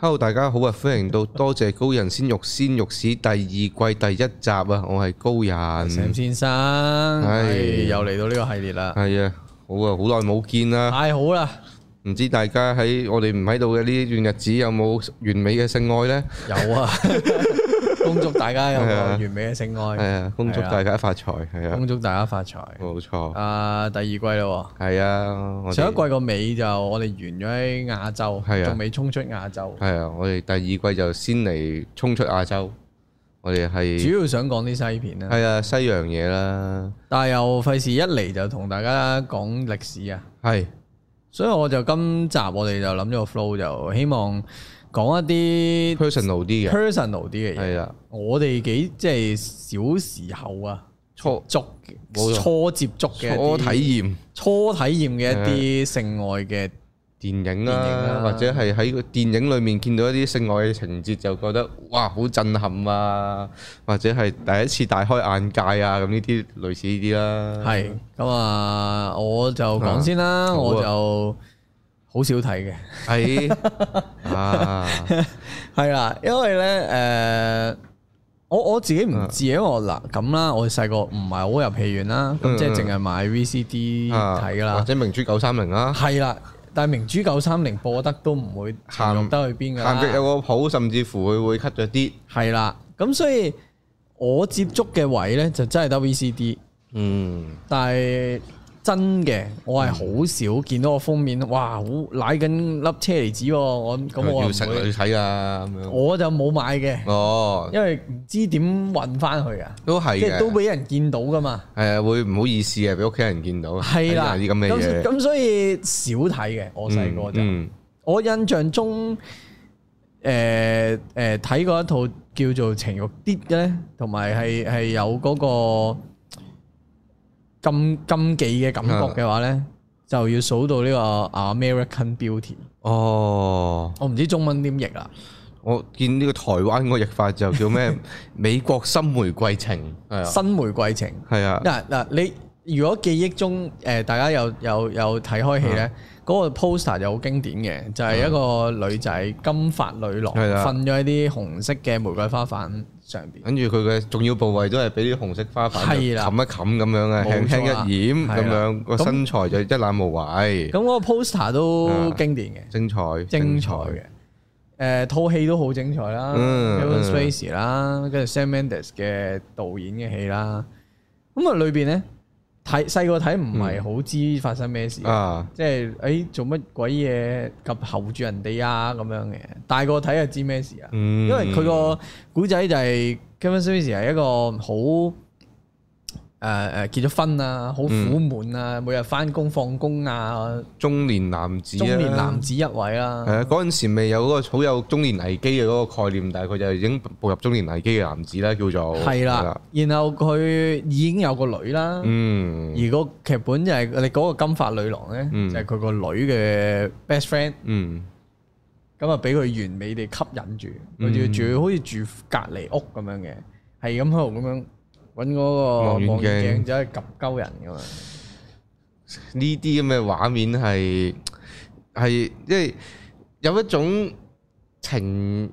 Hello 大家好啊！歡迎到 多謝高人 cine 之慾 cine 慾史第二季第一集啊！我係高人 Sam 先生，係唉又嚟到呢個系列啦，係啊，好啊，好耐冇見啦，太好啦！唔知大家喺我哋唔喺度嘅呢段日子有冇完美嘅性愛呢？有啊。 恭祝大家有個完美嘅性愛。係啊，恭祝大家發財。係啊，啊恭祝大家發財。冇、啊、錯。啊，第二季咯喎。係啊，上一季個尾就我哋完咗喺亞洲，係啊，仲未衝出亞洲。係啊，我哋第二季就先嚟衝出亞洲。我哋係主要想講啲西片啊，係啊，西洋嘢啦。但係又費事一嚟就同大家講歷史啊。係是，所以我就今集我哋就諗咗個 flow 就希望，講一啲 personal 啲嘅，personal 啲嘅嘢。係啊的，我哋幾即係、就是、小時候啊，初觸、初，初接觸嘅、初體驗、初體驗嘅一啲性愛嘅電影啊，影啊或者係喺個電影裏面見到一啲性愛嘅情節，就覺得哇好震撼啊，或者係第一次大開眼界啊，咁呢啲類似呢啲啦。係，咁啊，我就講先啦，啊、我就。好少睇嘅，係啊，係啦，因為咧，誒、呃，我我自己唔知啊，因為我，我嗱咁啦，我細個唔係好入戲院啦，咁即係淨係買 VCD 睇噶啦，或者明珠九三零啦，係啦，但係明珠九三零播得都唔會行得去邊噶，銜接有個譜，甚至乎會會 cut 咗啲，係啦，咁所以我接觸嘅位咧就真係得 VCD，嗯，但係。真嘅，我係好少見到個封面，哇，好瀨緊粒車厘子喎！我咁我唔會，要去睇啊、咁樣我就冇買嘅。哦，因為唔知點運翻去啊，都係即係都俾人見到噶嘛。係啊，會唔好意思啊，俾屋企人見到。係啦的，啲咁嘅嘢。咁所以少睇嘅，我細個就、嗯嗯、我印象中，誒、呃、誒、睇、呃、過一套叫做情《情欲碟》嘅咧，同埋係係有嗰、嗰個。咁禁忌嘅感覺嘅話呢，的就要數到呢個《American Beauty》。哦，我唔知中文點譯啦。我見呢個台灣個譯法就叫咩？ 美國《心玫瑰情》。 心玫瑰情。係啊的。嗱嗱，你如果記憶中誒，大家有有有睇開戲呢，嗰的個 poster 就好經典嘅，就係、是、一個女仔金髮女郎，瞓咗的一啲紅色嘅玫瑰花瓣。上邊，跟住佢嘅重要部位都係俾啲紅色花瓣冚一冚咁樣嘅，輕輕是的 一掩咁錯、啊、樣，個是的 身材就一覽無遺。咁個 poster 都經典嘅，的精彩，精彩嘅。誒，套戲都好精彩啦 Kevin Spacey 啦、嗯，跟住 Sam Mendes 嘅導演嘅戲啦，咁啊裏邊咧。睇細個睇唔係好知發生咩事，嗯、即係誒、欸、做乜鬼嘢及候住人哋啊咁樣嘅。大個睇就知咩事啊，嗯、因為佢個古仔就係、是 Kevin Smith 係一個好。誒誒、啊，結咗婚啊，好苦悶啊，嗯、每日返工放工啊，中年男子、啊，中年男子一位啦、啊。誒、啊，嗰陣時未有嗰個好有中年危機嘅嗰個概念，但係佢就係已經步入中年危機嘅男子啦，叫做係啦。啊啊、然後佢已經有個女啦，嗯，而、那個劇本就係你嗰個金髮女郎咧，嗯、就係佢個女嘅 best friend，嗯，咁啊俾佢完美地吸引住，佢仲要好似住隔籬、嗯、屋咁樣嘅，係咁喺度咁樣。搵嗰個望遠鏡就係夾鳩人噶嘛？呢啲咁嘅畫面係係即係有一種情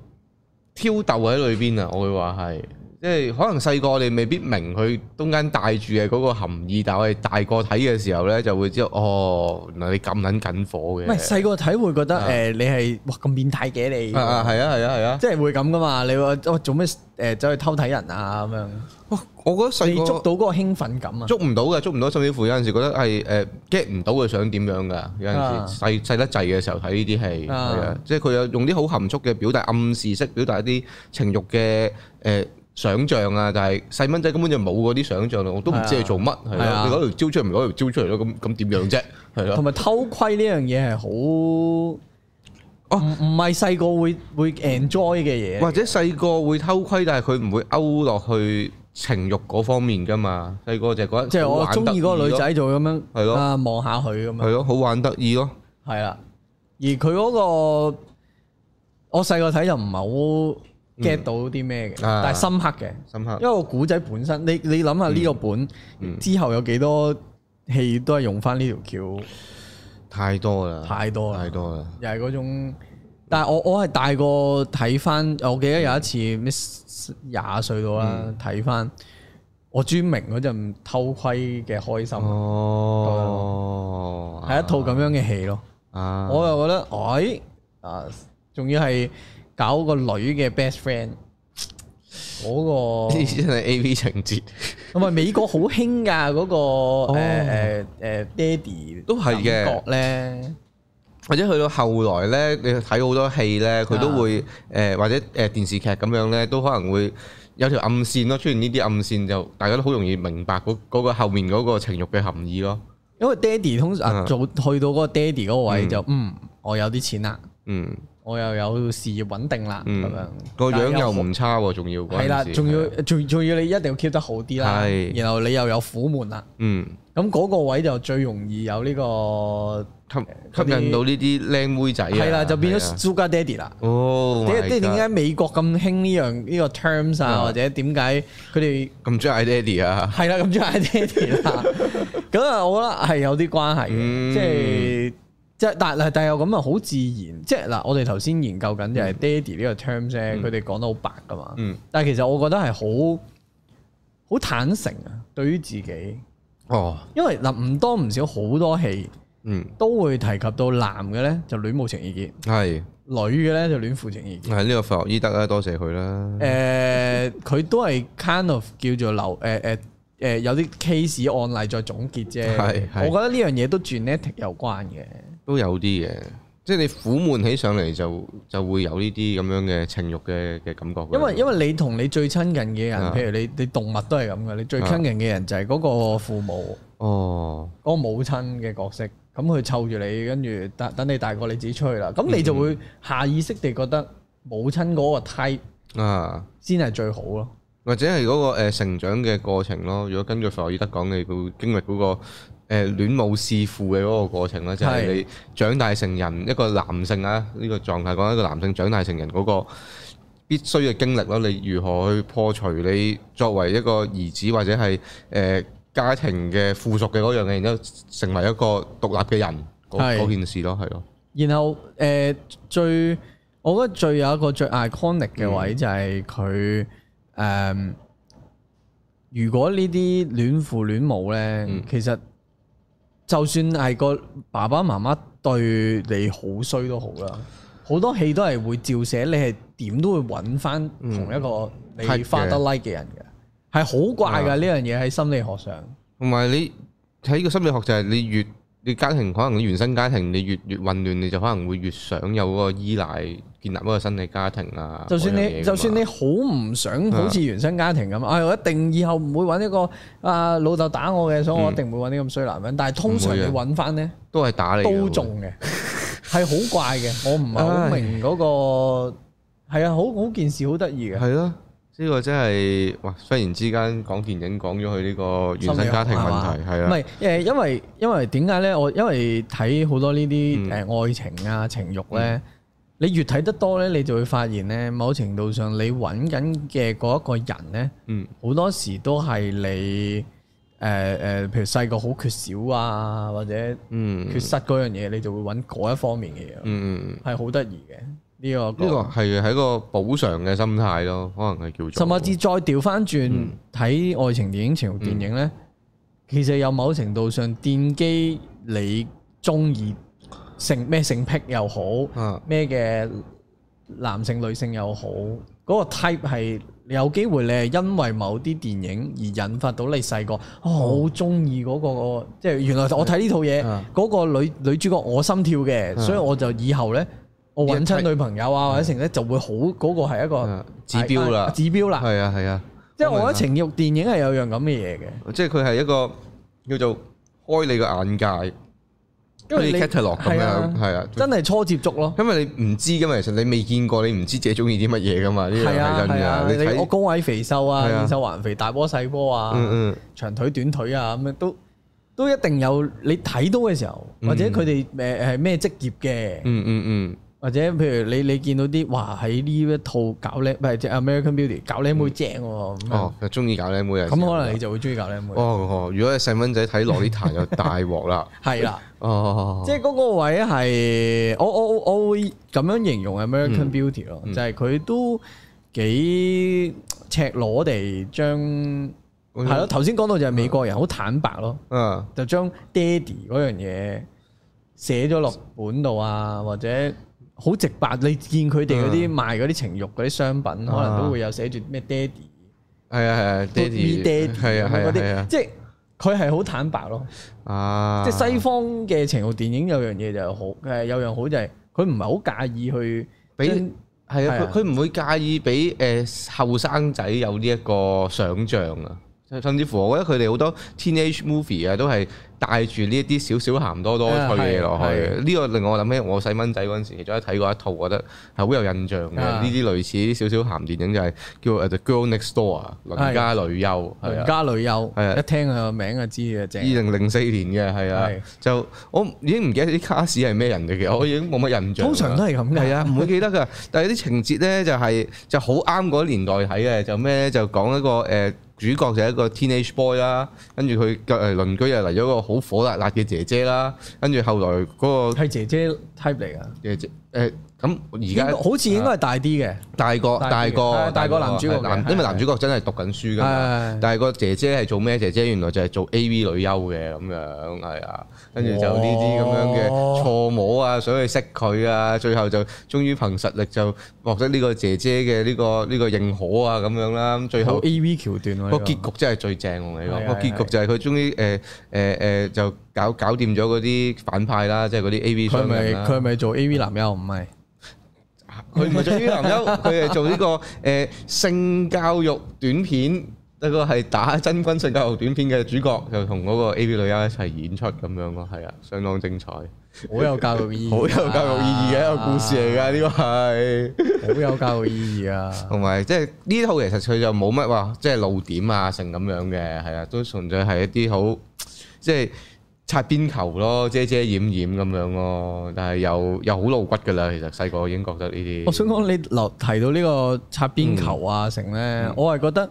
挑逗喺裏面啊，我會話係。即係可能細個你未必明佢中間帶住嘅嗰個含義，但係大個睇嘅時候咧就會知道哦，原來你撳撚緊火嘅。喂，細個睇會覺得誒，你係哇咁變態嘅你。啊啊係啊係啊係啊，即係會咁噶嘛？你話做咩誒走去偷睇人啊咁樣？哇！我覺得細捉到嗰個興奮感啊！捉唔到嘅，捉唔到。甚至乎有陣時覺得係誒 get 唔到佢想點樣噶。有陣時細細得滯嘅時候睇呢啲戲，係啊，即係佢有用啲好含蓄嘅表達，暗示式表達一啲情欲嘅誒。想像啊，但係細蚊仔根本就冇嗰啲想像咯，我都唔知佢做乜，係咯、啊，啊、你攞條蕉出嚟咪攞條蕉出嚟咯，咁咁點樣啫？係咯、啊。同埋偷窺呢樣嘢係好，哦唔唔係細個會會 enjoy 嘅嘢。或者細個會偷窺，但係佢唔會勾落去情慾嗰方面噶嘛。細個就覺得即係我中意嗰個女仔做咁樣，係咯，望下佢咁樣。係咯，好玩得意咯。係啊，而佢嗰、嗰個我細個睇又唔係好 get 到啲咩嘅，但係深刻嘅，深刻。因為個古仔本身，你你諗下呢個本之後有幾多戲都係用翻呢條橋，太多啦，太多啦，太多啦。又係嗰種，但係我我係大個睇翻，我記得有一次咩廿歲到啦睇翻，我專明嗰陣偷窺嘅開心，哦，係一套咁樣嘅戲咯。我又覺得，哎，啊，仲要係。搞個女嘅 best friend，嗰、嗰個呢啲真係 AV 情節。同 埋美國好興噶嗰個誒誒、oh, 呃呃、爹哋，都係嘅。咧，或者去到後來咧，你睇好多戲咧，佢都會誒、呃、或者誒電視劇咁樣咧，都可能會有條暗線咯。出現呢啲暗線就，大家都好容易明白嗰嗰個後面嗰個情慾嘅含義咯。因為爹哋通常、嗯啊、做去到嗰個爹哋嗰個位、嗯、就，嗯，我有啲錢啦，嗯。我又有事業穩定啦，咁樣個樣又唔差喎，仲要係啦，仲要仲仲要你一定要 keep 得好啲啦，然後你又有苦悶啦，嗯，咁嗰個位就最容易有呢個吸吸引到呢啲靚妹仔啊，係啦，就變咗 Sugar Daddy 啦，哦，即係點解美國咁興呢樣呢個 terms 啊，或者點解佢哋咁中意爹哋啊？係啦，咁中意爹哋啦，咁啊，我覺得係有啲關係嘅，即係。即係但係，但係又咁啊，好自然。即係嗱，我哋頭先研究緊就係爹地呢個 terms 啫，佢哋講得好白噶嘛。但係其實我覺得係好好坦誠啊，對於自己。哦，因為嗱唔多唔少好多戲，嗯，都會提及到男嘅咧就戀母情意結，係女嘅咧就戀父情意結。係呢個佛洛伊德啊，多謝佢啦。誒，佢都係 kind of 叫做留誒誒誒，有啲 case 案例再總結啫。係，我覺得呢樣嘢都轉 net 有關嘅。都有啲嘅，即係你苦悶起上嚟就就會有呢啲咁樣嘅情慾嘅嘅感覺。因為因為你同你最親近嘅人，啊、譬如你你動物都係咁嘅，你最親近嘅人就係嗰個父母。哦、啊，嗰個母親嘅角色，咁佢湊住你，跟住等等你大個你自己出去啦，咁、嗯、哼你就會下意識地覺得母親嗰個 type 啊，先係最好咯。或者係嗰個誒成長嘅過程咯。如果根據弗洛伊德講嘅，佢經歷嗰、嗰個。誒戀母弒父嘅嗰個過程咧，就係、是、你長大成人一個男性啊呢、這個狀態講，講一個男性長大成人嗰個必須嘅經歷咯。你如何去破除你作為一個兒子或者係誒家庭嘅附屬嘅嗰樣嘅，然之後成為一個獨立嘅人嗰是件事咯，係咯。然後誒、呃、最，我覺得最有一個最 iconic 嘅位就係佢誒，如果戀戀呢啲戀父戀母咧，嗯、其實。就算係個爸爸媽媽對你好衰都好啦，好多戲都係會照寫，你係點都會揾翻同一個你 father like 嘅人嘅，係好、嗯、怪嘅呢樣嘢喺心理學上，同埋你喺個心理學就係你越。 你家庭可能你原生家庭，你越越混亂，你就可能會越想有個依賴，建立一個新嘅家庭啊。就算你就算你好唔想，好似原生家庭咁，嗯、哎，我一定以後唔會揾一個啊老豆打我嘅，所以我一定唔會揾啲咁衰男人。但係通常你揾翻呢，嗯啊、都係打你，都中嘅，係好怪嘅，我唔係好明嗰、嗰個係、哎、呀 啊，好好件事，好得意嘅，係咯。呢個真係哇！忽然之間講電影，講咗佢呢個原生家庭問題，係啊理，唔係因為因為點解呢？我因為睇好多呢啲誒愛情啊、嗯、情欲呢，嗯、你越睇得多呢，你就會發現呢某程度上你揾緊嘅嗰一個人呢，嗯，好多時都係你誒誒、呃呃，譬如細個好缺少啊，或者嗯缺失嗰樣嘢，嗯、你就會揾嗰一方面嘅嘢，嗯，係好得意嘅。呢個呢個係一個補償嘅心態咯，可能係叫做。甚至再調翻轉睇愛情電影、情慾電影呢，嗯、其實有某程度上電機你中意性咩性癖又好，咩嘅、啊、男性、女性又好，嗰、嗰個 type 係有機會你係因為某啲電影而引發到你細個好中意嗰個，即、嗰、係、個嗰個、原來我睇呢套嘢嗰、啊啊、個女女主角我心跳嘅，啊、所以我就以後呢。我搵親女朋友啊，或者成咧，就會好嗰個係一個指標啦，指標啦，係啊係啊。即係我覺得情欲電影係有樣咁嘅嘢嘅，即係佢係一個叫做開你個眼界，因為你 catalog 咁樣係啊，真係初接觸咯。因為你唔知噶嘛，其實你未見過，你唔知自己中意啲乜嘢噶嘛。呢樣睇真噶，你我高矮肥瘦啊，瘦環肥，大波細波啊，嗯嗯，長腿短腿啊，咁樣都都一定有。你睇到嘅時候，或者佢哋誒誒咩職業嘅，嗯嗯嗯。或者譬如你你見到啲話喺呢一套搞靚，唔係即 American Beauty 搞靚妹正喎，佢中意搞靚妹，咁可能你就會中意搞靚妹哦，哦。如果係細蚊仔睇 Lolita 就大鑊 啦，係啦，哦，即係嗰個位係我我我會咁樣形容 American Beauty 咯、嗯，就係佢都幾赤裸地將係咯，頭先講到就係美國人好坦白咯，嗯、啊，啊、就將爹地嗰樣嘢寫咗落本度啊，或者。好直白，你見佢哋嗰啲賣嗰啲情慾嗰啲商品，啊、可能都會有寫住咩爹哋，係啊係啊爹哋，係、e、啊係啊嗰啲即係佢係好坦白咯。啊，即係西方嘅情慾電影有樣嘢就好，誒有樣好就係佢唔係好介意去俾，係啊佢佢唔會介意俾誒後生仔有呢一個想像啊。甚至乎，我覺得佢哋好多 teenage movie 啊，都係帶住呢一啲少少鹹多多嘅嘢落去嘅。呢個令我諗起我細蚊仔嗰陣時，仲有睇過一套，我覺得係好有印象嘅。呢啲類似少少鹹電影就係叫《The Girl Next Door》啊，鄰家女優。鄰家女優係啊，一聽佢個名就知啊，正二零零四年嘅係啊，就我已經唔記得啲卡士係咩人嚟嘅，我已經冇乜印象。通常都係咁嘅係啊，唔會記得噶。但係啲情節咧就係就好啱嗰年代睇嘅，就咩就講一個誒。主角就係一個 teenage boy 啦，跟住佢嘅鄰居又嚟咗個好火辣辣嘅姐姐啦，跟住後來嗰、那個係姐姐 type 嚟啊，姐姐、呃咁而家好似應該係大啲嘅，大個大個大個男主角，因為男主角真係讀緊書噶嘛。但係個姐姐係做咩姐姐？原來就係做 A.V. 女優嘅咁樣係啊。跟住就呢啲咁樣嘅錯摸啊，想去識佢啊，最後就終於憑實力就獲得呢個姐姐嘅呢、呢個呢、呢個認可啊咁樣啦。最後 A.V. 橋段、啊、個結局真係最正你㗎。的的個結局就係佢終於誒誒誒就搞搞掂咗嗰啲反派啦，即係嗰啲 A.V. 商人佢咪佢咪做 A.V. 男優唔係？佢唔係做 U 男優，佢係做呢個誒性教育短片，一個係打真軍性教育短片嘅主角，就同嗰個 AV 女優一齊演出咁樣咯，係啊，相當精彩，好有教育意義， 好有教育意義嘅、呢個、一個故事嚟㗎，呢個係好有教育意義啊，同埋 即係呢套其實佢就冇乜話即係露點啊，成咁樣嘅，係啊，都純粹係一啲好即係。擦邊球咯，遮遮掩掩咁樣咯，但係又又好露骨噶啦。其實細個已經覺得呢啲。我想講你留提到呢個擦邊球啊，嗯、成咧，我係覺得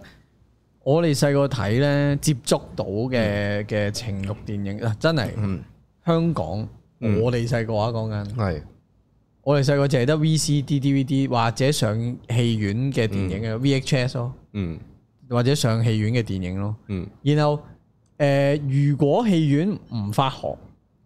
我哋細個睇咧，接觸到嘅嘅、嗯、情慾電影啊，真係，嗯，香港我哋細個話講緊，係、嗯、我哋細個淨係得 VCD、DVD 或者上戲院嘅電影啊，VHS 咯，嗯，V HS, 嗯，或者上戲院嘅電影咯，嗯，然後。誒，如果戲院唔發行，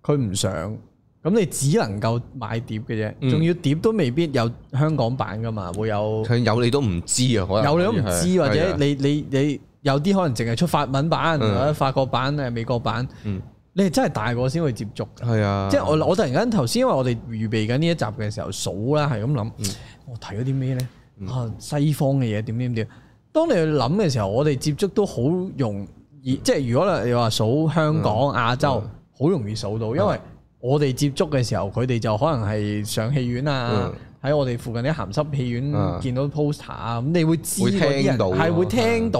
佢唔上，咁你只能夠買碟嘅啫，仲要、嗯、碟都未必有香港版噶嘛，會有有你都唔知啊，可能有你都唔知，知的或者你你你，你，你有啲可能淨係出法文版的或者法國版誒美國版，的你係真係大個先會接觸係啊，即係我我突然間頭先，因為我哋預備緊呢一集嘅時候數啦，係咁諗，嗯、我睇咗啲咩咧？啊，西方嘅嘢點點點，當你去諗嘅時候，我哋接觸都好用。即係如果你話數香港、亞洲，好容易數到，因為我哋接觸嘅時候，佢哋就可能係上戲院啊，喺我哋附近啲鹹濕戲院見到 poster 啊，咁你會知嗰啲係會聽到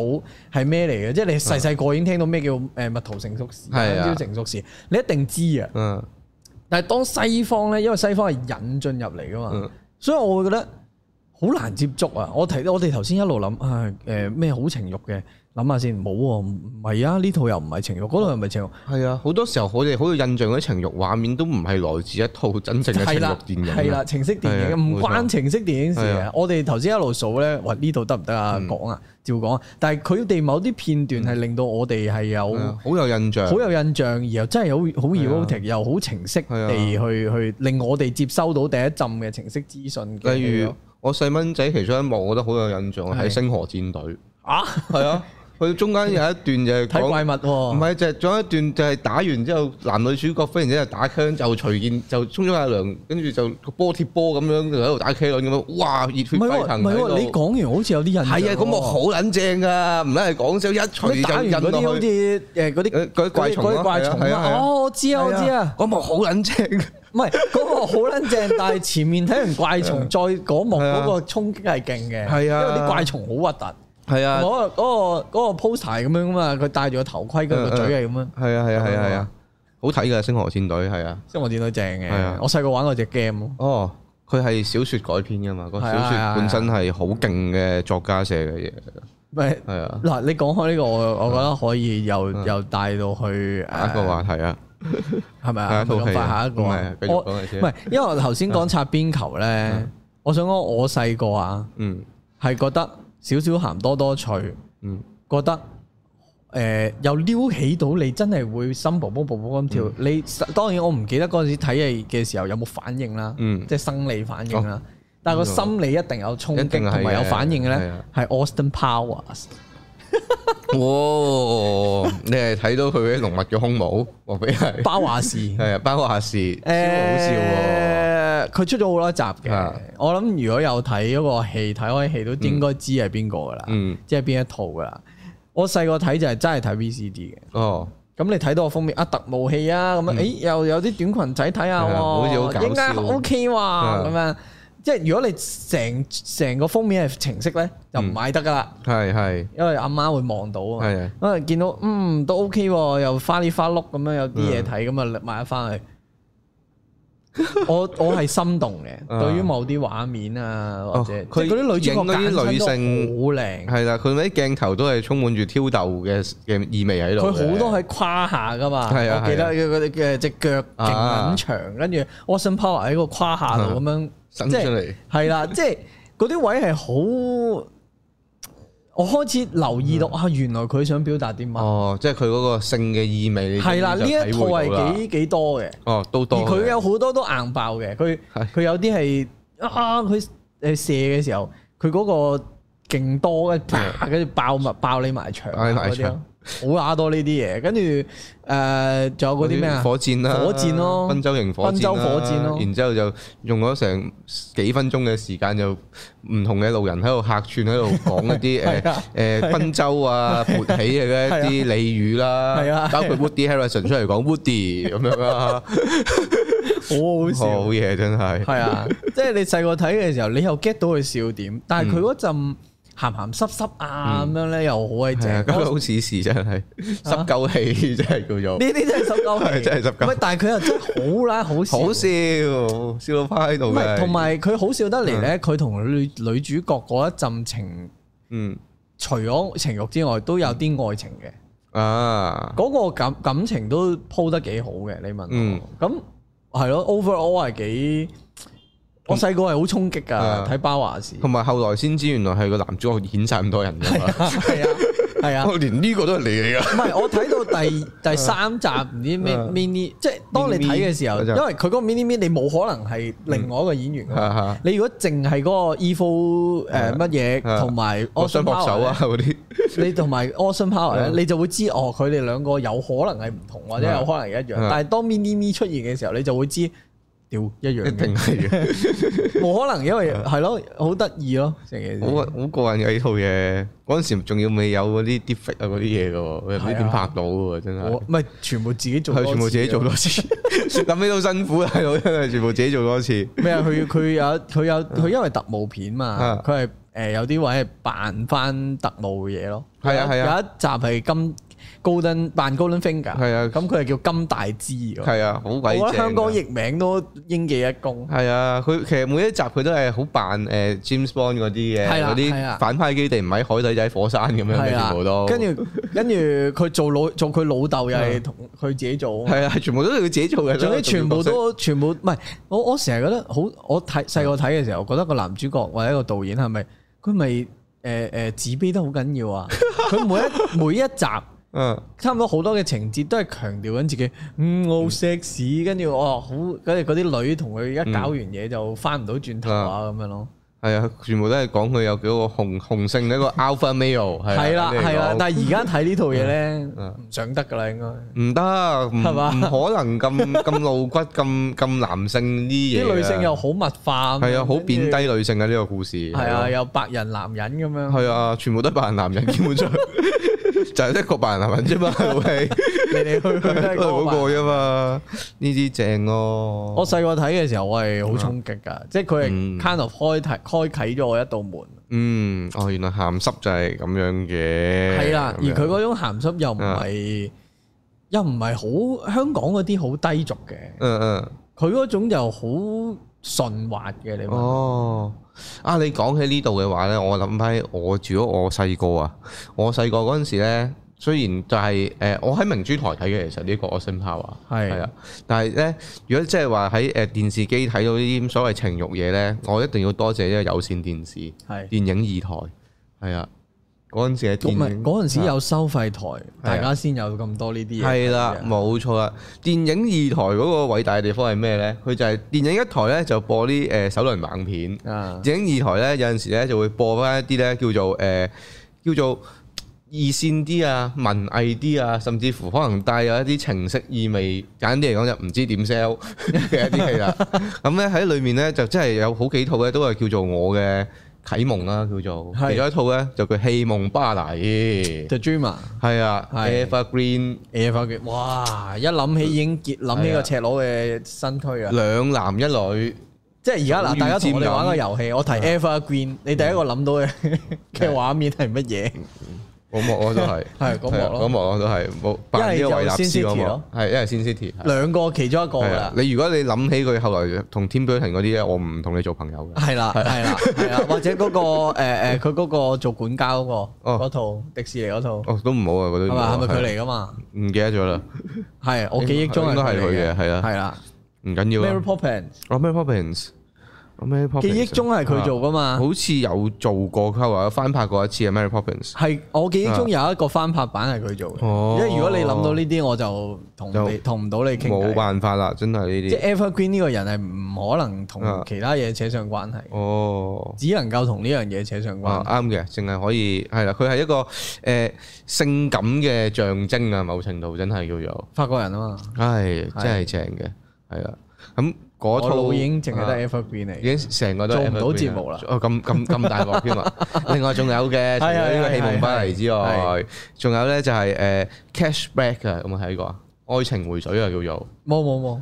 係咩嚟嘅，即係你細細個已經聽到咩叫誒蜜桃成熟時、香蕉成熟時，你一定知啊。但係當西方咧，因為西方係引進入嚟噶嘛，所以我會覺得好難接觸啊。我提我哋頭先一路諗啊誒咩好情慾嘅。諗下先，冇，唔係啊？呢套又唔係情慾，嗰套又唔係情慾。係啊，好多時候我哋好有印象嗰啲情慾畫面，都唔係來自一套真正嘅情慾電影。係啦，情色電影唔關情色電影事啊！我哋頭先一路數咧，哇呢度得唔得啊？講啊，照講。但係佢哋某啲片段係令到我哋係有好有印象，好有印象，而又真係好好 erotic 又好情色地去去令我哋接收到第一浸嘅情色資訊。例如我細蚊仔其中一幕，我覺得好有印象，喺《星河戰隊》啊，係啊。佢中間有一段就係睇怪物喎，唔係就仲有一段就係打完之後，男女主角忽然之間打槍，就隨便就衝咗下涼，跟住就波貼波咁樣喺度打 K 咯咁樣，哇熱血沸騰，唔係，你講完好似有啲印象。係啊，嗰幕好撚正噶，唔係講笑一隨就引打完嗰啲好似誒嗰啲啲怪蟲啊。哦，我知啊，我知啊，嗰幕好撚正。唔係嗰幕好撚正，但係前面睇完怪蟲再嗰幕嗰個衝擊係勁嘅，因為啲怪蟲好核突。係啊，嗰個嗰個嗰個 poster 咁樣啊嘛，佢戴住個頭盔，佢個嘴係咁樣啊。係啊係啊係啊係啊，好睇噶《星河戰隊》係啊，《星河戰隊》正嘅。係啊，我細個玩過隻 game 哦，佢係小說改編噶嘛，個小說本身係好勁嘅作家寫嘅嘢。喂，係啊，嗱，你講開呢個，我我覺得可以又又帶到去下一個話題啊，係咪啊？咁下一個啊？我唔係，因為頭先講擦邊球咧，我想講我我細個啊，嗯，係覺得。少少鹹，小小多多脆，嗯、覺得誒、呃、又撩起到你，真係會心勃勃勃勃噉跳。嗯、你當然我唔記得嗰陣時睇戲嘅時候有冇反應啦，即係、嗯、生理反應啦。哦、但係個心理一定有衝擊同埋有，有反應嘅咧，係、嗯、Austin Powers。 哦，你係睇到佢啲濃密嘅胸毛，我俾係包華士，係啊 包華士，超好笑。佢、欸、出咗好多集嘅。的我諗如果有睇嗰個戲，睇開戲都應該知係邊個噶啦，嗯，即係邊一套噶啦。我細個睇就係真係睇 VCD 嘅，哦，咁你睇到個封面啊特務戲啊，咁樣，誒、嗯欸、又有啲短裙仔睇下，好似好搞笑，O K 哇，咁、OK、啊。的即係如果你成成個封面係情色咧，就唔買得噶啦。係係，因為阿媽會望到啊。係啊，因為見到嗯都 OK 喎，又花哩花碌咁樣有啲嘢睇，咁啊買咗翻去。我我係心動嘅，對於某啲畫面啊，或者佢嗰啲女主角啲女性好靚，係啦，佢啲鏡頭都係充滿住挑逗嘅嘅意味喺度。佢好多喺胯下噶嘛，係啊，記得佢佢嘅隻腳勁長，跟住 Austin Powers 喺個胯下度咁樣。生出嚟，係啦，即係嗰啲位係好，我開始留意到啊， 原來佢想表達啲乜？哦，即係佢嗰個性嘅意味。係啦，呢一套係幾幾多嘅。哦，都多。而佢有好多都硬爆嘅，佢佢的有啲係啊，佢射嘅時候，佢嗰個勁多一條，跟住爆埋爆你埋牆嗰啲。好阿多呢啲嘢，跟住誒，仲有嗰啲咩啊？火箭啦，火箭咯，賓周型火箭，賓周火箭咯。然之後就用咗成幾分鐘嘅時間，就唔同嘅路人喺度客串，喺度講一啲誒誒，賓周啊，勃起嘅一啲俚語啦。係啊，包括 Woody Harrison 出嚟講 Woody 咁樣啊，好好笑，好嘢真係。係啊，即係你細個睇嘅時候，你又 get 到佢笑點，但係佢嗰陣。鹹鹹濕濕啊咁樣咧，又好鬼正，好似事真係濕鳩氣，真係叫做呢啲真係濕鳩氣，真係濕鳩。唔係，但係佢又真係好啦，好笑，好笑，笑到趴喺度。同埋佢好笑得嚟咧，佢同女女主角嗰一陣情，嗯，除咗情欲之外，都有啲愛情嘅。啊，嗰個感感情都鋪得幾好嘅，你問我。嗯，咁係咯，overall 係幾。我細個係好衝擊噶，睇《巴華士》，同埋後來先知原來係個男主角演晒咁多人嘅。係啊，係啊，係啊，連呢個都係你嚟噶。唔係，我睇到第第三集唔知咩 mini，即係當你睇嘅時候，因為佢嗰個 mini mini，你冇可能係另外一個演員。你如果淨係嗰個 Evil 誒乜嘢，同埋 Austin 我想搏手啊嗰啲，你同埋 Austin Powers 咧，你就會知哦，佢哋兩個有可能係唔同，或者有可能係一樣。但係當 mini mini 出現嘅時候，你就會知。屌一樣，一定係嘅，冇可能，因為係咯， 好得意咯，成件事。好過癮嘅呢套嘢，嗰陣時仲要未有嗰啲 deepfake 啊啲嘢嘅喎，唔知點拍到嘅喎，真係。唔係全部自己做。係全部自己做多次，諗起都辛苦啊！大佬，因為全部自己做多次。咩 啊？佢佢有佢有佢因為特務片嘛，佢係誒有啲位係扮翻特務嘅嘢咯。係啊係啊，有一集係今。 高登扮高登 finger，係啊，咁佢係叫金大枝啊，係啊，好鬼！我香港譯名都應記一功，係啊，佢其實每一集佢都係好扮誒 James Bond 嗰啲嘅，嗰啲反派基地唔喺海底，仔火山咁樣嘅全部都。跟住跟住佢做老做佢老豆又係同佢自己做，係啊，全部都係佢自己做嘅。總之全部都全部唔係，我我成日覺得好，我睇細個睇嘅時候，我覺得個男主角或者個導演係咪佢咪誒誒自卑得好緊要啊？佢每一每一集。嗯，差唔多好多嘅情節都係強調緊自己唔好 sex，跟住我好嗰啲嗰啲女同佢而家搞完嘢就翻唔到轉頭啊咁、嗯、樣咯。係啊，全部都係講佢有幾個雄雄性嘅一個 alpha male，係啦，係啊。但係而家睇呢套嘢咧，唔想得噶啦，應該唔得，係嘛？可能咁咁露骨，咁咁男性啲嘢，啲女性又好物化，係啊，好貶低女性嘅呢個故事，係啊，有白人男人咁樣，係啊，全部都係白人男人，基本上就係一個白人男人啫嘛，嚟嚟去去都係嗰個啫嘛，呢啲正咯。我細個睇嘅時候，我係好衝擊噶，即係佢係 can of o i 開啟咗我一道門。嗯，哦，原來鹹濕就係咁樣嘅。係啦、啊，而佢嗰種鹹濕又唔係，啊、又唔係好香港嗰啲好低俗嘅。嗯嗯、啊，佢嗰種又好順滑嘅你。哦，啊，你講起呢度嘅話咧，我諗翻我住咗我細個啊，我細個嗰陣時咧。雖然就係誒，我喺明珠台睇嘅，其實呢個 Awesome Power 係啊。但係咧，如果即係話喺誒電視機睇到呢啲所謂情慾嘢咧，我一定要多謝呢個有線電視，是電影二台係啊。嗰陣時係，嗰陣時有收費台，的大家先有咁多呢啲嘢。係啦，冇錯啦。電影二台嗰個偉大嘅地方係咩咧？佢就係電影一台咧就播啲誒首輪猛片，啊、電影二台咧有陣時咧就會播翻一啲咧叫做誒叫做。叫做叫做二線啲啊，文藝啲啊，甚至乎可能帶有一啲情色意味。簡單啲嚟講，就唔知點 sell 嘅一啲戲啦。咁咧喺裏面咧，就真係有好幾套咧，都係叫做我嘅啟蒙啦，叫做。係。仲有一套咧就叫《戲夢巴黎》。The Dreamer 係啊。Eva Green，Eva Green。哇！一諗起已經結諗呢個赤裸嘅身軀啊。兩男一女，即係而家嗱，大家同我哋玩個遊戲，我提 Eva Green，你第一個諗到嘅嘅畫面係乜嘢？我冇，我都係，係，冇，冇，冇，我都係，冇，一係就先 City，係，因係先 City，兩個其中一個啦。你如果你諗起佢後來同 Tim Burton 嗰啲咧，我唔同你做朋友嘅。係啦，係啦，係啦，或者嗰個誒佢嗰個做管家嗰個，嗰套迪士尼嗰套，哦，都唔好啊，嗰啲係咪係咪佢嚟噶嘛？唔記得咗啦，係，我記憶中係佢嘅，係啦，係啦，唔緊要。Mary Poppins，Mary Poppins 記憶中係佢做噶嘛？啊、好似有做過，佢話翻拍過一次係 Mary Poppins。係、啊、我記憶中有一個翻拍版係佢做。哦、啊，因為如果你諗到呢啲，我就同你同唔就到你傾。冇辦法啦，真係呢啲。即係、e、Evergreen 呢個人係唔可能同其他嘢扯、啊、扯上關係。哦、啊，只能夠同呢樣嘢扯上關。哦，啱嘅，淨係可以係啦。佢係一個誒、呃、性感嘅象徵啊，某程度真係叫做，法國人啊嘛。係唉，真係正嘅，係啦。咁。嗰套已經淨係得 FAB 嚟，已經成個都做唔到節目啦。哦，咁咁咁大鑊㗎嘛！ 另外仲有嘅，除咗呢個戲夢巴黎之外，仲 有咧就係誒 cashback 啊！有冇睇過啊？Back, 愛情回水啊叫做。冇冇冇，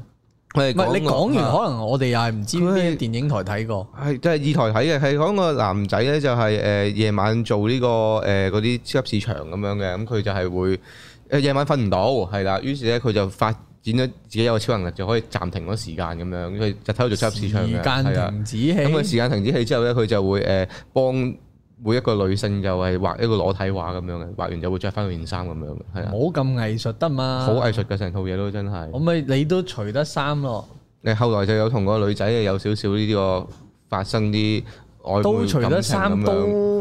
我過你講完，可能我哋又係唔知咩電影台睇過。係即係二台睇嘅，係講、就係呃呢個男仔咧，就係誒夜晚做呢個誒嗰啲超級市場咁樣嘅，咁、嗯、佢就係會誒夜、呃、晚瞓唔到，係啦，於是咧佢就發。剪咗自己有個超能力就可以暫停咗時間咁樣，佢就偷走出入市場嘅，係啊。咁佢時間停止器之後咧，佢就會誒幫每一個女性就係畫一個裸體畫咁樣嘅，畫完就會著翻嗰件衫咁樣嘅，係啊。冇咁藝術得嘛，好藝術嘅成套嘢都真係。可唔可以？你都除得衫咯？你後來就有同個女仔有少少呢個發生啲愛情，都除得衫都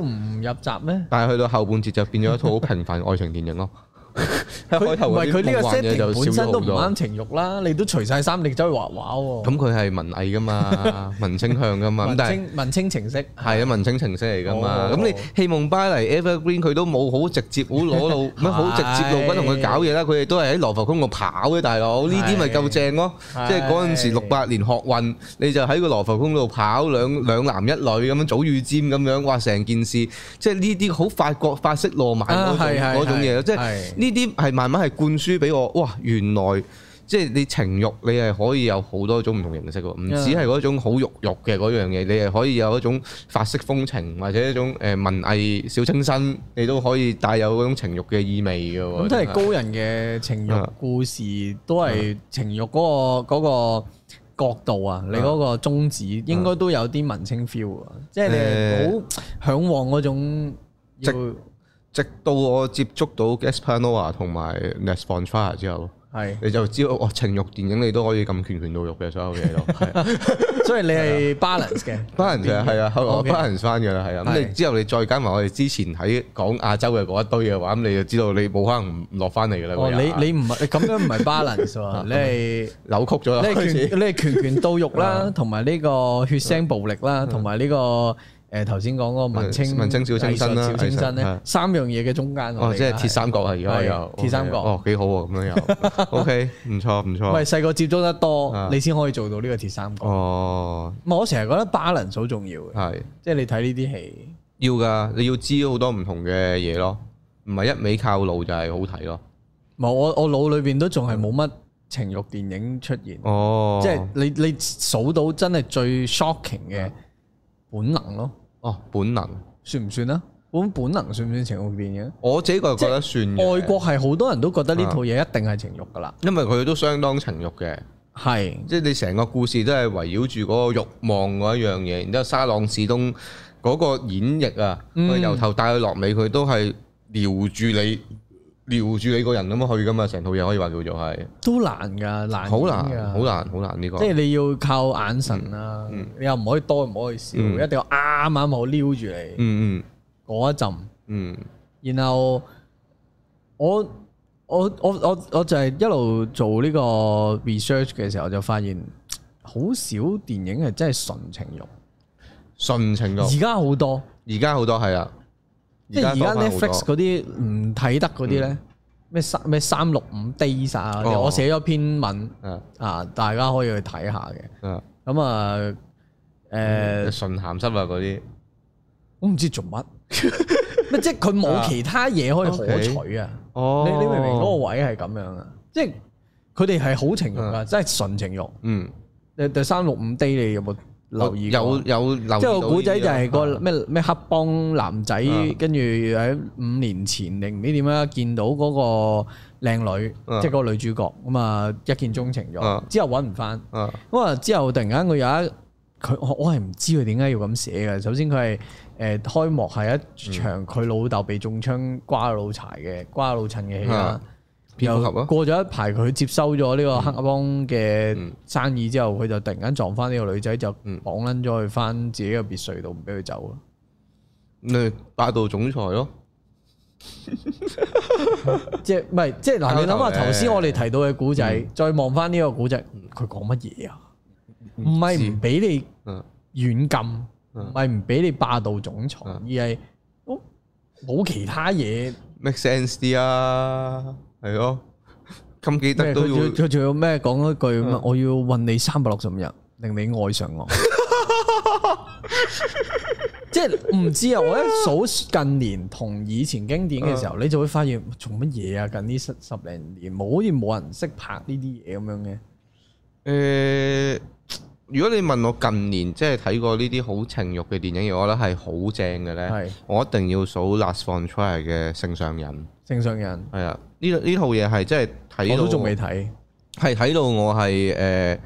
唔入閘咩？但係去到後半節就變咗一套好平凡愛情電影咯。 佢唔係，佢嘅 setting 本身都唔啱情欲啦，你都除晒衫，你走去畫畫喎。咁佢係文藝噶嘛，文青向噶嘛，但係文青情色係啊，文青情色嚟噶嘛。咁你《戲夢巴黎》《Evergreen》佢都冇好直接，好攞到乜好直接路咁同佢搞嘢啦。佢哋都係喺羅浮宮度跑嘅大佬，呢啲咪夠正咯。即係嗰陣時六八年學運，你就喺個羅浮宮度跑兩兩男一女咁樣，早雨尖咁樣，話成件事，即係呢啲好法國法式浪漫嗰種嘢咯，即係呢。呢啲係慢慢係灌輸俾我，哇！原來即係、就是、你情欲，你係可以有好多種唔同形式嘅，唔止係嗰種好肉慾嘅嗰樣嘢，你係可以有一種法式風情，或者一種誒文藝小清新，你都可以帶有嗰種情欲嘅意味嘅。咁真係高人嘅情欲故事，嗯嗯、都係情欲嗰、嗰個嗰個角度啊！嗯、你嗰個宗旨應該都有啲文青 feel，即係你好向往嗰種。直到我接觸到 Gaspar Noé 同埋 Lars von Trier 之後，係你就知道哇，情慾電影你都可以咁拳拳到肉嘅所有嘢咯。所以你係 balance 嘅，balance 係啊，我 balance 翻嘅啦，係啊。咁你之後你再加埋我哋之前喺講亞洲嘅嗰一堆嘅話，咁你就知道你冇可能唔落翻嚟嘅啦。你你唔係，你咁樣唔係 balance 喎，你係扭曲咗。你係拳拳到肉啦，同埋呢個血腥暴力啦，同埋呢個。誒頭先講嗰個文青、文青少、青春啦、少青春咧，三樣嘢嘅中間即係鐵三角啊，而家鐵三角哦，幾好喎，咁樣又 OK，唔錯唔錯。喂，細個接觸得多，你先可以做到呢個鐵三角。哦，唔係我成日覺得巴 a l 好重要嘅，係即係你睇呢啲戲要㗎，你要知好多唔同嘅嘢咯，唔係一味靠路就係好睇咯。冇我我腦裏邊都仲係冇乜情慾電影出現。哦，即係你你數到真係最 shocking 嘅本能咯。哦，本能算唔算咧？本本能算唔算情欲片嘅？我自己就覺得算。外國係好多人都覺得呢套嘢一定係情欲噶啦，因為佢都相當情欲嘅。係，即係你成個故事都係圍繞住嗰個慾望嗰一樣嘢，然之後沙朗史東嗰個演繹啊，佢、嗯、由頭帶去落尾，佢都係撩住你。撩住你個人咁去噶嘛？成套嘢可以話叫做係都難噶。難好難，好難，好難呢、這個。即係你要靠眼神啦、啊，嗯嗯、你又唔可以多，唔可以少，嗯、一定要啱啱好撩住你。嗯嗯，嗰一陣嗯，陣嗯然後我我我我我就係一路做呢個 research 嘅時候就發現，好少電影係真係純情慾，純情慾。而家好多，而家好多係啊。即係而家 Netflix 嗰啲唔睇得嗰啲咧，咩三咩三六五 days 啊。哦、我寫咗篇文，啊，大家可以去睇下嘅。咁啊，誒純鹹濕啊嗰啲，我唔知做乜。乜即係佢冇其他嘢可以可取啊，你你明唔明嗰個位係咁樣啊？即係佢哋係好情慾噶，即係、嗯、純情慾。嗯，你對三六五 day 你有冇？留意有，有有即係個古仔就係個咩咩黑幫男仔，的跟住喺五年前定唔知點樣，見到嗰個靚女，即係的個女主角，咁啊一見鍾情咗，的之後揾唔翻，咁啊的之後突然間佢有一佢我我係唔知佢點解要咁寫嘅。首先佢係誒，開幕係一場佢老豆被中槍瓜老柴嘅瓜老襯嘅戲。又過咗一排，佢接收咗呢個黑幫嘅生意之後，佢就突然間撞翻呢個女仔，就綁捻咗去翻自己嘅別墅度，唔俾佢走咯。你、嗯、霸道總裁咯？即係唔係？即係嗱，你諗下頭先我哋提到嘅古仔，嗯、再望翻呢個古仔，佢講乜嘢啊？唔係唔俾你軟禁，唔係唔俾你霸道總裁，而係哦，冇其他嘢。Make sense 啲啊！係咯，咁、嗯、記得都要佢仲有咩講？一句、嗯、我要運你三百六十五日，令你愛上我。即係唔知啊！我一數近年同以前經典嘅時候，嗯、你就會發現做乜嘢啊？近呢十十零年，冇好似冇人識拍呢啲嘢咁樣嘅。誒、呃，如果你問我近年即係睇過呢啲好情欲嘅電影，我覺得係好正嘅咧，是我一定要數《Last Try》嘅《正常人》。正常人係啊。呢呢套嘢係真係睇到，仲未睇，係睇到我係誒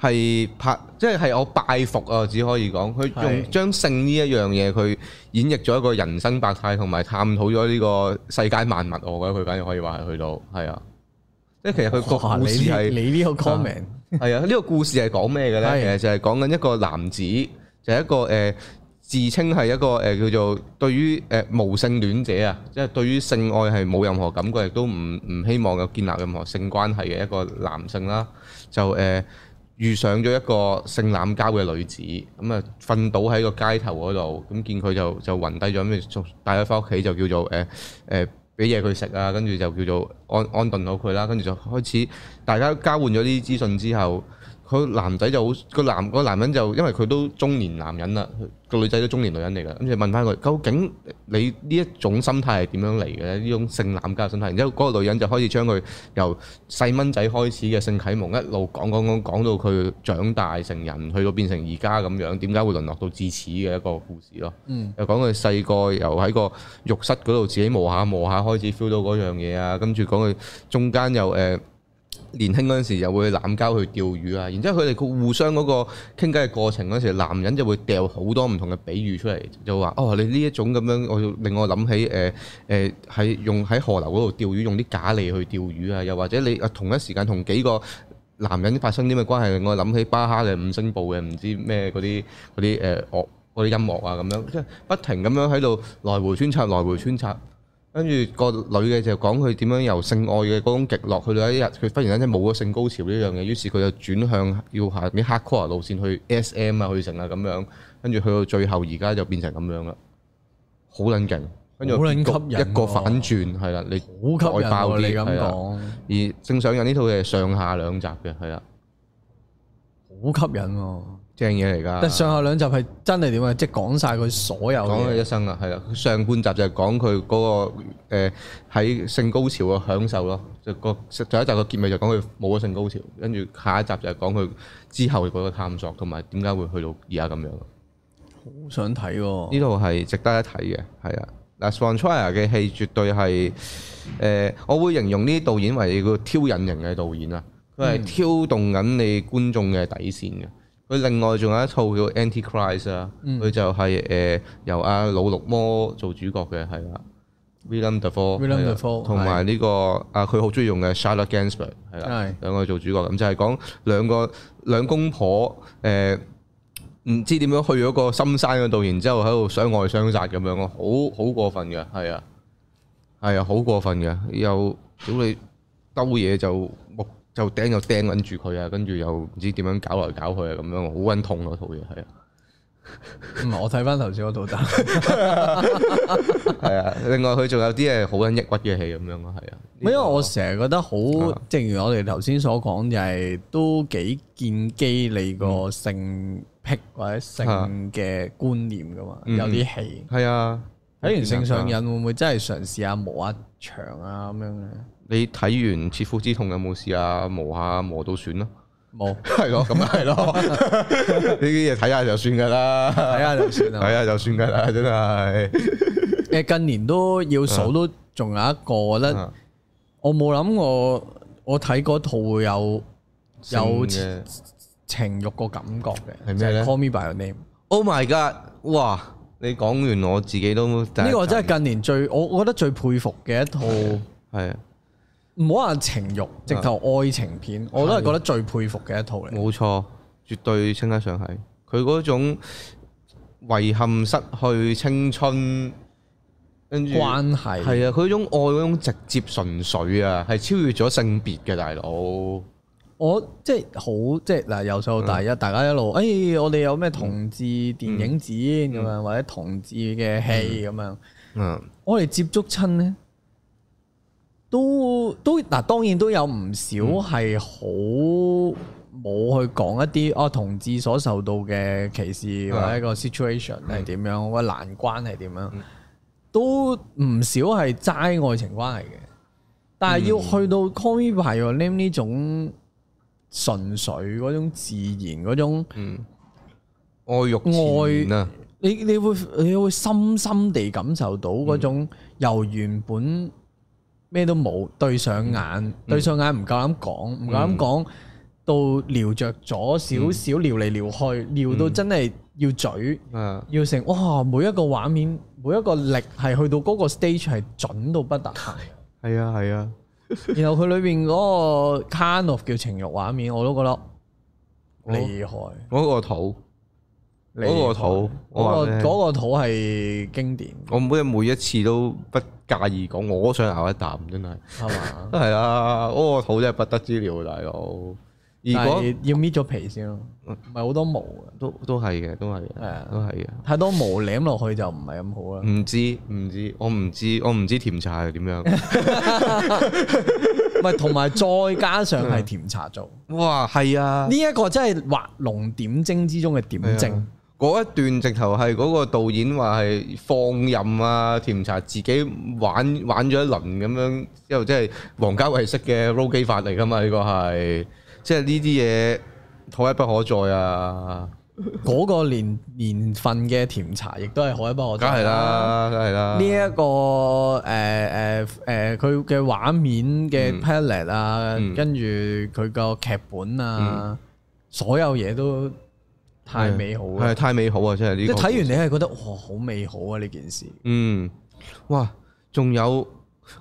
係拍，即係係我拜服啊！只可以講，佢用將是性呢一樣嘢，佢演繹咗一個人生百態，同埋探討咗呢個世界萬物。我覺得佢簡直可以話係去到，係啊！即係哇其實佢個，啊啊呢個故事係你呢個 comment 係啊？呢個故事係講咩嘅咧？其實就係講緊一個男子，就係、一個誒。呃自稱係一個誒叫做對於誒無性戀者啊，即係對於性愛係冇任何感覺，亦都唔唔希望有建立任何性關係嘅一個男性啦，就誒遇上咗一個性濫交嘅女子，咁啊瞓倒喺個街頭嗰度，咁見佢就就暈低咗，跟住帶佢翻屋企就叫做誒誒俾嘢佢食啊，跟住就叫做安安頓好佢啦，跟住就開始大家交換咗啲資訊之後。佢男仔就好，個男，個男，個男人就因為佢都中年男人啦，個女仔都中年女人嚟啦，咁就問翻佢：究竟你呢一種心態係點樣嚟嘅呢？呢種性濫交嘅心態。然之後嗰個女人就開始將佢由細蚊仔開始嘅性啟蒙，一路講講講講到佢長大成人，去到變成而家咁樣，點解會淪落到至此嘅一個故事咯。嗯，又講佢細個由喺個浴室嗰度自己磨下磨下開始 feel 到嗰樣嘢啊，跟住講佢中間又誒。呃年輕嗰陣時就會濫交去釣魚啊，然之後佢哋互相嗰個傾偈嘅過程嗰時，男人就會掉好多唔同嘅比喻出嚟，就話：哦，你呢一種咁樣，我令我諗起誒誒，喺、呃呃、用喺河流嗰度釣魚，用啲假鰾去釣魚啊，又或者你同一時間同幾個男人發生啲咩關係，令我諗起巴哈嘅五聲部嘅唔知咩嗰啲啲誒樂啲音樂啊咁樣，即係不停咁樣喺度來回穿插，來回穿插。跟住個女嘅就講佢點樣由性愛嘅嗰種極樂去到一日，佢忽然間冇咗性高潮呢樣嘢，於是佢就轉向要下啲 hardcore 路線去 SM 啊、去成啊咁樣，跟住去到最後而家就變成咁樣啦，好撚勁！跟住一個一個反轉係啦、啊，你好吸引喎、啊！你咁講，而性上癮呢套嘢上下兩集嘅係啊，好吸引喎。正嘢嚟噶，但上下兩集係真係點啊？即係講晒佢所有講佢一生啊，係啦。上半集就係講佢嗰、嗰個喺性、呃、高潮嘅享受咯，就個第一集嘅結尾就講佢冇咗性高潮，跟住下一集就係講佢之後嘅嗰個探索同埋點解會去到而家咁樣。好想睇喎！呢套係值得一睇嘅，係啊。嗱，Sandra 嘅戲絕對係誒、呃，我會形容呢啲導演為個挑引型嘅導演啊，佢係、嗯、挑動緊你觀眾嘅底線嘅。佢另外仲有一套叫 Antichrist，嗯《Antichrist》啊，佢就係誒由阿老六魔做主角嘅，係啦。Willem Dafoe，Willem Dafoe 同埋呢個的啊，佢好中意用嘅 Charlotte Gainsbourg，係啦，兩個做主角，咁就係講兩個兩公婆誒，唔、呃、知點樣去咗個深山嗰度，然之後喺度相愛相殺咁樣咯，好好過分嘅，係啊的，係啊，好過分嘅，又屌你兜嘢就木。就掟又掟揾住佢啊，跟住又唔知點樣搞來搞去啊，咁樣好揾痛嗰套嘢係啊。唔係、嗯、我睇翻頭先嗰套，但係啊，另外佢仲有啲係好揾抑鬱嘅戲咁樣咯，係啊。因為我成日覺得好，的正如我哋頭先所講，就係、是、都幾建基你個性癖或者性嘅觀念噶嘛，的有啲戲係啊。睇完性上癮會唔會真係嘗試下磨下牆啊咁樣咧？你睇完切膚之痛有冇事啊？磨下磨到損咯，冇係咯，咁啊係咯，呢啲嘢睇下就算噶啦，睇下就算啦，睇下就算噶啦，真係。誒，近年都要數都仲有一個，我覺得我冇諗過我睇嗰套會有的有情欲個感覺嘅，係咩 Call me by your name。Oh my god！哇，你講完我自己都，呢個真係近年最我我覺得最佩服嘅一套係啊。的唔好話情欲，直頭愛情片，的我都係覺得最佩服嘅一套嚟。冇錯，絕對稱得上係佢嗰種遺憾失去青春跟關係係，係啊，佢嗰種愛嗰種直接純粹啊，係超越咗性別嘅大佬。我即係好即係嗱，由細到大一，大家一路誒、哎，我哋有咩同志電影展、嗯、子咁、嗯嗯、樣，或者同志嘅戲咁樣，嗯，我哋接觸親呢。都都嗱、啊，當然都有唔少係好冇去講一啲啊，同志所受到嘅歧視、嗯、或者一個 situation 係點樣，我覺得、嗯、難關係點樣，嗯、都唔少係齋愛情關係嘅。但係要去到 combine a m 呢呢種純粹嗰種自然嗰種愛欲、嗯、愛啊，你你會你會深深地感受到嗰種由原本。咩都冇，對上眼，嗯、對上眼唔夠膽講，唔夠膽講，到聊着咗、嗯、少少，聊嚟聊去，嗯、聊到真係要嘴，嗯、要成哇！每一個畫面，每一個力係去到嗰個 stage 係準到不得閒，係啊係啊。嗯、然後佢裏邊嗰個 kind of 叫情慾畫面，我都覺得厲害，嗰、嗯嗯、個肚。嗰個肚，嗰個嗰個肚係經典。我每每一次都不介意講，我想咬一啖，真係，係嘛？係啊。嗰個肚真係不得之了，大佬。如果要搣咗皮先咯，唔係好多毛嘅，都都係嘅，都係嘅，係啊，都係嘅。太多毛舐落去就唔係咁好啦。唔知唔知，我唔知我唔知甜茶係點樣。唔係，同埋再加上係甜茶做，哇，係啊！呢一個真係畫龍點睛之中嘅點睛。嗰一段直頭係嗰個導演話係放任啊，甜茶自己玩玩咗一輪咁樣，樣之後即係王家衛式嘅羅基法嚟噶嘛？呢、呢個係即係呢啲嘢，可一不可再啊！嗰 個年年份嘅甜茶亦都係可一不可再。梗係啦，梗係啦。呢一個誒誒誒，佢嘅畫面嘅 palette 啊，跟住佢個劇本啊，嗯、所有嘢都。太美好，係太美好啊！真係呢，即睇完你係覺得哇，好美好啊！呢件事，嗯，哇，仲有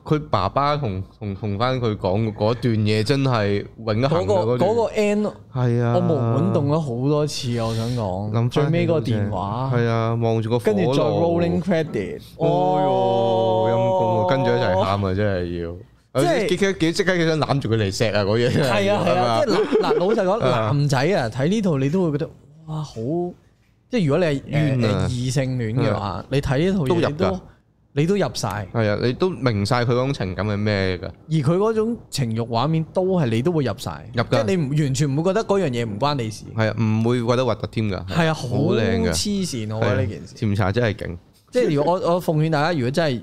佢爸爸同同同翻佢講嗰段嘢，真係永嗰個嗰個 end 係啊，我冇感動咗好多次我想講，諗最尾個電話係啊，望住個跟住再 rolling credit，哎呦，陰公啊，跟住一齊喊啊，真係要即係即刻幾想攬住佢嚟錫啊！嗰樣係啊係啊，即係嗱老實講男仔啊，睇呢套你都會覺得。哇！好即係如果你係誒異性戀嘅話，你睇呢套嘢你都你都入晒係啊！你都明晒佢嗰種情感係咩噶？而佢嗰種情欲畫面都係你都會入晒入即係你完全唔會覺得嗰樣嘢唔關你事係啊！唔會覺得核突添噶係啊！好靚嘅，黐線，我覺得呢件事甜茶真係勁！即係如果我我奉勸大家，如果真係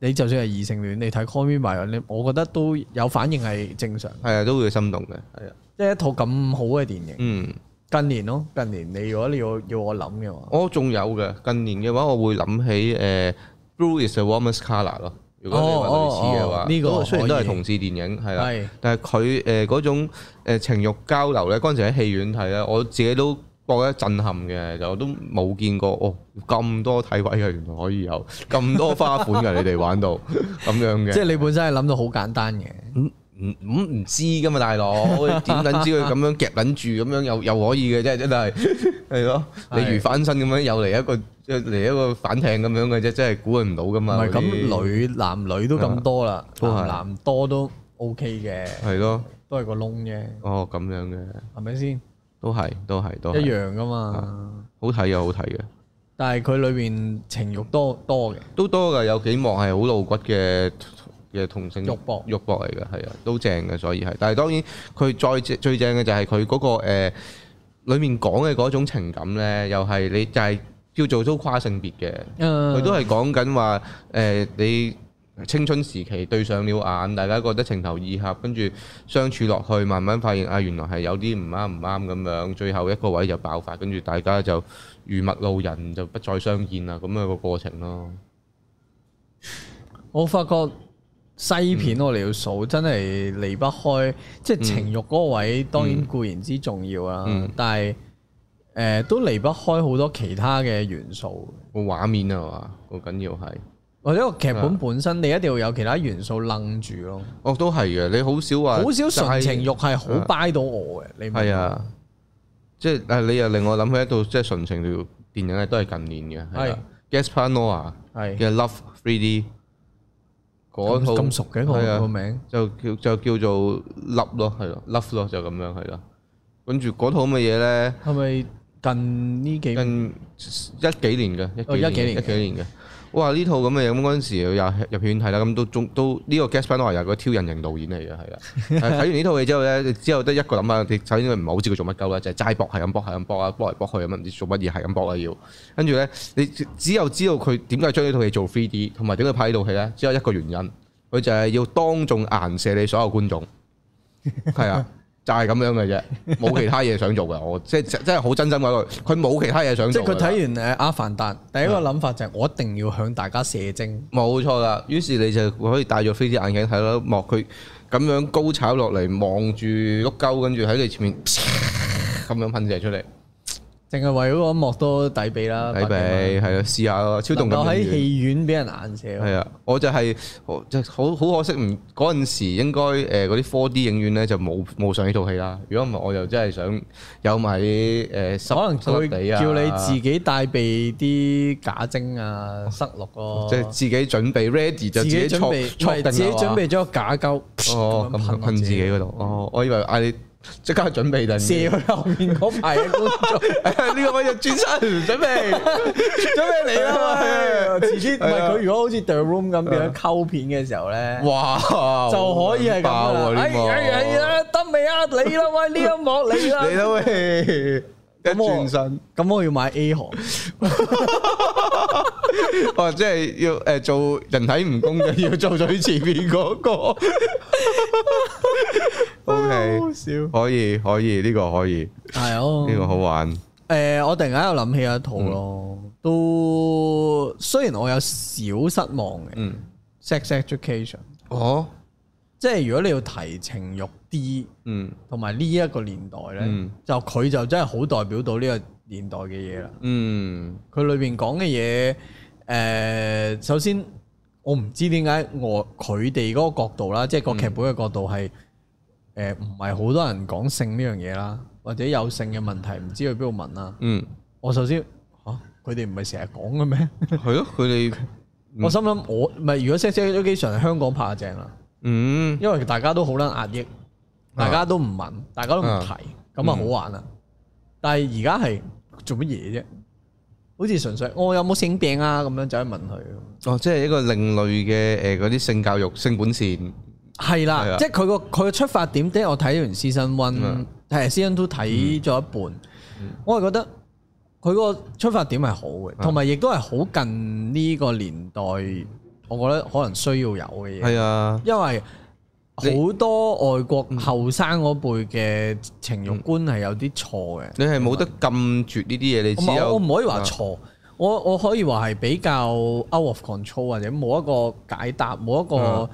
你就算係異性戀，你睇《Call Me By Your Name》咧，我覺得都有反應係正常係啊！都會心動嘅係啊！即係一套咁好嘅電影嗯。近年咯，近年你如果你要要我諗嘅話，我仲、哦、有嘅。近年嘅話，我會諗起誒、呃、Blue is the warmest colour 咯。如果你話類似嘅話，呢、哦哦哦這個、哦、以雖然都係同志電影係啦，是但係佢誒嗰種誒情欲交流咧，嗰陣時喺戲院睇咧，我自己都覺得震撼嘅，就我都冇見過哦咁多體位嘅，原來可以有咁多花款嘅， 你哋玩到咁樣嘅。即係你本身係諗到好簡單嘅。嗯唔唔唔知噶嘛，大佬，點撚知佢咁樣夾撚住，咁樣又又可以嘅啫，真係係咯，你如翻身咁樣又嚟一個，即係嚟一個反艇咁樣嘅啫，真係估佢唔到噶嘛。係咁，女男女都咁多啦，啊、男，男多都 O K 嘅，係咯，都係個窿啫。哦，咁樣嘅，係咪先？都係，都係，都一樣噶嘛。啊、好睇又好睇嘅，但係佢裏面情慾多多嘅，都多噶，有幾幕係好露骨嘅。嘅同性肉搏，肉搏嚟嘅，係啊，都正嘅，所以係。但係當然，佢再最正嘅就係佢嗰個誒裏、呃、面講嘅嗰種情感呢，又係你就係叫做都跨性別嘅。佢、呃、都係講緊話誒，你青春時期對上了眼，大家覺得情投意合，跟住相處落去，慢慢發現啊，原來係有啲唔啱唔啱咁樣，最後一個位就爆發，跟住大家就如陌路人就不再相見啦，咁樣個過程咯。我發覺。西片我哋要數，真係離不開，即係情欲嗰位，當然固然之重要啊。但係，誒，都離不開好多其他嘅元素。個畫面啊，嘛，好緊要係，或者個劇本本身，你一定要有其他元素楞住咯。哦，都係嘅，你好少話，好少純情欲係好掰到我嘅，你係啊。即係，但你又令我諗起一套即係純情嘅電影，係都係近年嘅，係。Gaspar Noé 嘅 Love Three D。嗰套咁熟嘅、啊，嗰個名字就叫就叫做 love 咯，係咯，love 咯就咁樣係咯。跟住嗰套乜嘢咧？係咪近呢幾近一幾年嘅？哦，一幾年，一幾年嘅。哇！呢套咁嘅嘢咁嗰陣時入入院睇啦，咁都中都呢、這個 Gaspar Noé 又個挑釁型導演嚟嘅係啦。睇 完呢套戲之後咧，你之後得一個諗法，你首先佢唔係好知佢做乜鳩啦，就係齋搏係咁搏係咁搏啊，搏嚟搏去咁唔知做乜嘢係咁搏啊要。跟住咧，你只有知道佢點解將呢套戲做 three d 同埋點解拍呢套戲咧，只有一個原因，佢就係要當眾顏射你所有觀眾，係啊。 就係咁樣嘅啫，冇其他嘢想做嘅我，即係真係好真心嗰個，佢冇其他嘢想做。做。即係佢睇完誒阿凡達，第一個諗法就係我一定要向大家射精。冇錯啦，於是你就可以戴住飛機眼鏡睇啦，望佢咁樣高炒落嚟，望住碌鳩，跟住喺你前面咁樣噴射出嚟。淨係為咗個幕都抵鼻啦，抵鼻係啊，試下咯，超動感影院喺戲院俾人眼射。係啊，我就係，就好好可惜，唔嗰陣時應該誒嗰啲 4D 影院咧就冇冇上呢套戲啦。如果唔係，我就、呃、就，我就真係想有埋誒、呃、可能叫你自己帶備啲假精啊、塞落個。即係、啊就是、自己準備，ready 就自己裝定自己準備咗假膠，哦，噴自己嗰度。哦，我以為嗌你，你。即刻準備啦！笑後面嗰排嗰個，呢個我就轉身準備，準備嚟啦。遲啲佢如果好似 The Room 咁變咗溝片嘅時候咧，哇，就可以係咁哎啦。得未啊？你啦喂，呢一幕你啦，你都會一轉身。咁我要買 A 行，或即係要誒做人體蜈蚣嘅，要做最前面嗰個。O K，可以可以，呢個可以係哦，呢個好玩。誒，我突然間又諗起一套咯，都雖然我有少失望嘅。嗯，Sex Education 哦，即係如果你要提情欲啲，嗯，同埋呢一個年代咧，就佢就真係好代表到呢個年代嘅嘢啦。嗯，佢裏邊講嘅嘢，誒，首先我唔知點解我佢哋嗰個角度啦，即係個劇本嘅角度係。誒唔係好多人講性呢樣嘢啦，或者有性嘅問題唔知去邊度問啊？嗯，我首先嚇佢哋唔係成日講嘅咩？係咯，佢哋我心諗我唔係如果聲聲都經常喺香港拍下正啦，嗯，因為大家都好撚壓抑，大家都唔問，大家都唔提，咁啊好玩啊。但係而家係做乜嘢啫？好似純粹我有冇性病啊咁樣走去問佢。哦，即係一個另類嘅誒嗰啲性教育、性本善。係啦，即係佢個佢個出發點。即係我睇完《season one》，係《season two》睇咗一半，我係覺得佢個出發點係好嘅，同埋亦都係好近呢個年代。我覺得可能需要有嘅嘢，係啊，因為好多外國後生嗰輩嘅情慾觀係有啲錯嘅。你係冇得禁住呢啲嘢，你知唔知我唔可以話錯，我我可以話係比較 out of control 或者冇一個解答，冇一個。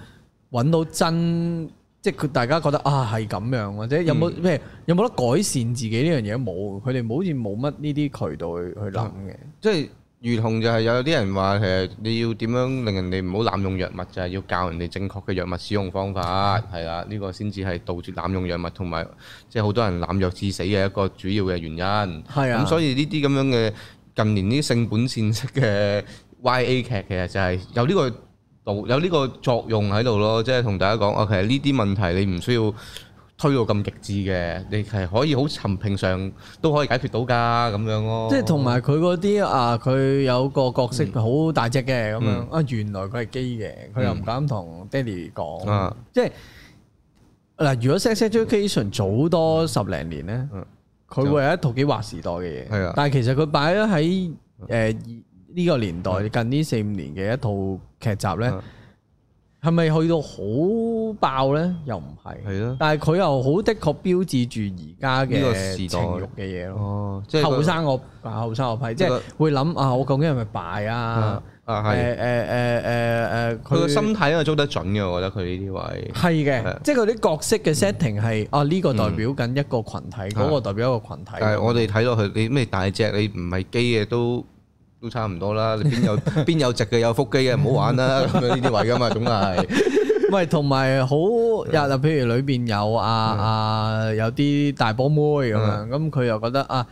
揾到真，即係佢大家覺得啊係咁樣，或者有冇咩有冇得改善自己呢樣嘢冇，佢哋好似冇乜呢啲渠道去去諗嘅。即係如同就係有啲人話，其實你要點樣令人哋唔好濫用藥物，就係、係、要教人哋正確嘅藥物使用方法，係啦、嗯，呢、啊呢個先至係杜絕濫用藥物，同埋即係好多人濫藥致死嘅一個主要嘅原因。係啊，咁、嗯、所以呢啲咁樣嘅近年啲性本善式嘅 Y A 劇其實就係有呢、呢個。有呢個作用喺度咯，即係同大家講，我其實呢啲問題你唔需要推到咁極致嘅，你係可以好尋平常都可以解決到噶咁樣咯。即係同埋佢嗰啲啊，佢有個角色好大隻嘅咁樣，啊原來佢係基嘅，佢又唔敢同爹哋講，即係嗱，如果 Sex Education 早多十零年咧，佢會有一套幾劃時代嘅嘢。係啊，但係其實佢擺咗喺誒。呢個年代近呢四五年嘅一套劇集咧，係咪去到好爆咧？又唔係，係咯。但係佢又好的確標誌住而家嘅事情慾嘅嘢咯。哦，後生、那個、我後生我批，即、就、係、是、會諗啊！我究竟係咪敗啊？啊係，誒誒誒誒佢個心態都、嗯、捉得準嘅，我覺得佢呢啲位係嘅，即係佢啲角色嘅 setting 係、嗯、啊呢個代表緊一個群體，嗰、這個代表一個群體。但我哋睇落去，你咩大隻，你唔係基嘅都。都差唔多啦，你邊有邊有直嘅有腹肌嘅唔好玩啦，咁樣呢啲位㗎嘛，總係。喂，同埋好日啊，譬如裏邊有啊啊，有啲大波妹咁樣，咁佢又覺得啊，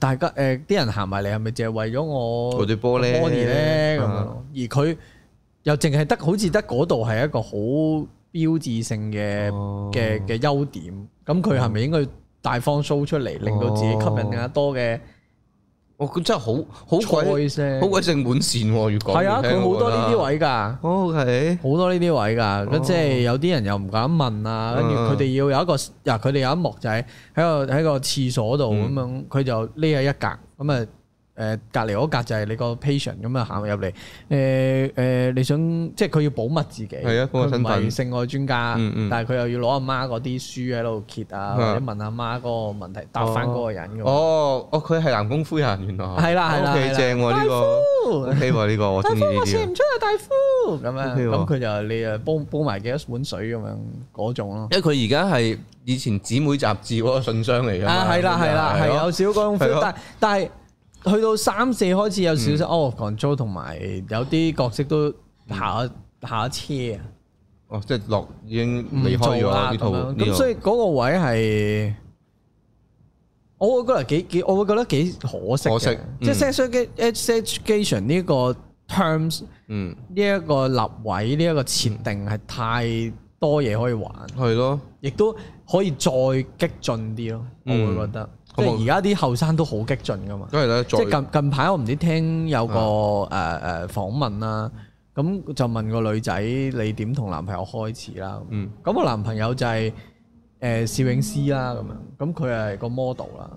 大家誒啲人行埋嚟係咪淨係為咗我嗰對玻璃咧咁樣？而佢又淨係得好似得嗰度係一個好標誌性嘅嘅嘅優點，咁佢係咪應該大方 show 出嚟，令到自己吸引更加多嘅？佢、哦、真係好好鬼，好鬼正滿線喎。如果係啊，佢好多呢啲位㗎。哦 Okay.，係好多呢啲位㗎。咁即係有啲人又唔敢問啊。跟住佢哋要有一個，嗱、啊，佢哋有一幕就喺喺個喺個廁所度咁、mm. 樣，佢就匿喺一格咁啊。誒，隔籬嗰格就係你個 patient 咁啊，行入嚟。誒誒，你想即係佢要保密自己，係啊，保密身份。唔係性愛專家，但係佢又要攞阿媽嗰啲書喺度揭啊，或者問阿媽嗰個問題答翻嗰個人。哦哦，佢係男功夫人，原來係。係啦係啦，O K 正呢個，O K 呢個，我中意呢啲。大夫，我射唔出啊！大夫，咁啊，咁佢就你啊煲煲埋幾多碗水咁樣嗰種咯。因為佢而家係以前姊妹雜誌嗰個信箱嚟嘅。啊，係啦係啦，係有少少功夫，但但係。去到三四開始有少少哦，control 同埋有啲角色都下下車啊！哦，即係落已經離開咗呢套，咁所以嗰個位係我會覺得幾幾，我會覺得幾可惜。可惜即係 sexploitation 呢個 terms，嗯，呢一個立位呢一個設定係太多嘢可以玩，係咯，亦都可以再激進啲咯，我會覺得。即係而家啲後生都好激進噶嘛，即係近近排我唔知聽有個誒誒訪問啦，咁就問個女仔你點同男朋友開始啦，咁我男朋友就係誒攝影師啦咁樣，咁佢係個 model 啦，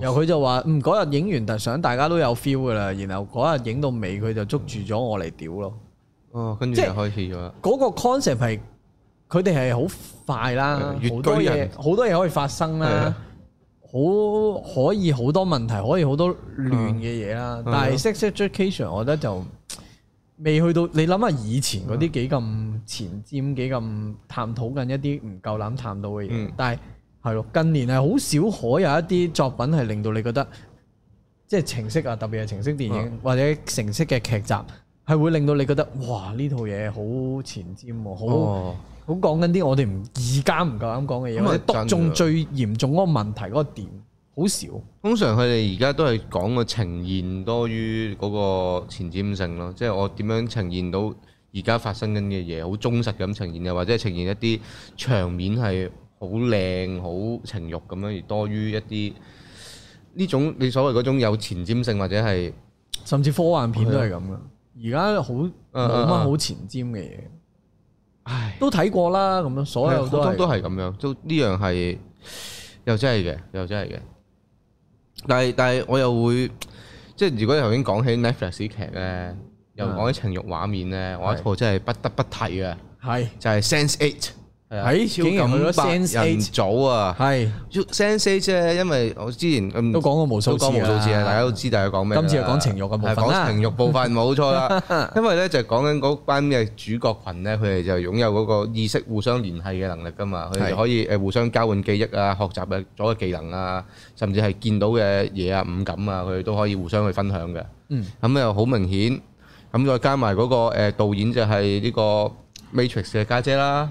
然後佢就話，嗯嗰日影完特相，大家都有 feel 噶啦，然後嗰日影到尾佢就捉住咗我嚟屌咯，哦跟住就開始咗啦，嗰個 concept 係佢哋係好快啦，好多嘢好多嘢可以發生啦。好可以好多問題，可以好多亂嘅嘢啦。的但係 sex education，的我覺得就未去到你諗下以前嗰啲幾咁前瞻、幾咁的探討緊一啲唔夠膽探討嘅嘢。的但係係咯，近年係好少可有一啲作品係令到你覺得即係情色啊，特別係情色電影的或者情色嘅劇集，係會令到你覺得哇呢套嘢好前瞻喎，好～、哦講緊啲我哋唔而家唔夠膽講嘅嘢，因為當中最嚴重嗰個問題，嗰個點好少。通常佢哋而家都係講個呈現多於嗰個前瞻性咯，即係我點樣呈現到而家發生緊嘅嘢，好忠實咁呈現，又或者呈現一啲場面係好靚好情慾咁樣，而多於一啲呢種你所謂嗰種有前瞻性或者係甚至科幻片都係咁噶。而家好冇乜好前瞻嘅嘢。唉，都睇過啦，咁樣所有都都係咁樣，都呢樣係又真係嘅，又真係嘅。但係但係我又會即係如果頭先講起 Netflix 劇咧，嗯、又講起情慾畫面咧，的我有一套真係不得不提嘅，係的就係 Sense 8。喺超感人組啊，係《Sense Age》咧，因為我之前的都講過無數次，講無數次啊，的大家都知大家講咩啦。今次係講情慾嘅部分啦，係講情慾部分冇 錯啦。因為咧就講緊嗰班嘅主角群咧，佢哋就擁有嗰個意識互相聯繫嘅能力㗎嘛。佢哋可以誒互相交換記憶啊，學習嘅左嘅技能啊，甚至係見到嘅嘢啊、五感啊，佢哋都可以互相去分享嘅。嗯，咁又好明顯，咁再加埋嗰個誒導演就係呢個《Matrix》嘅家姐啦。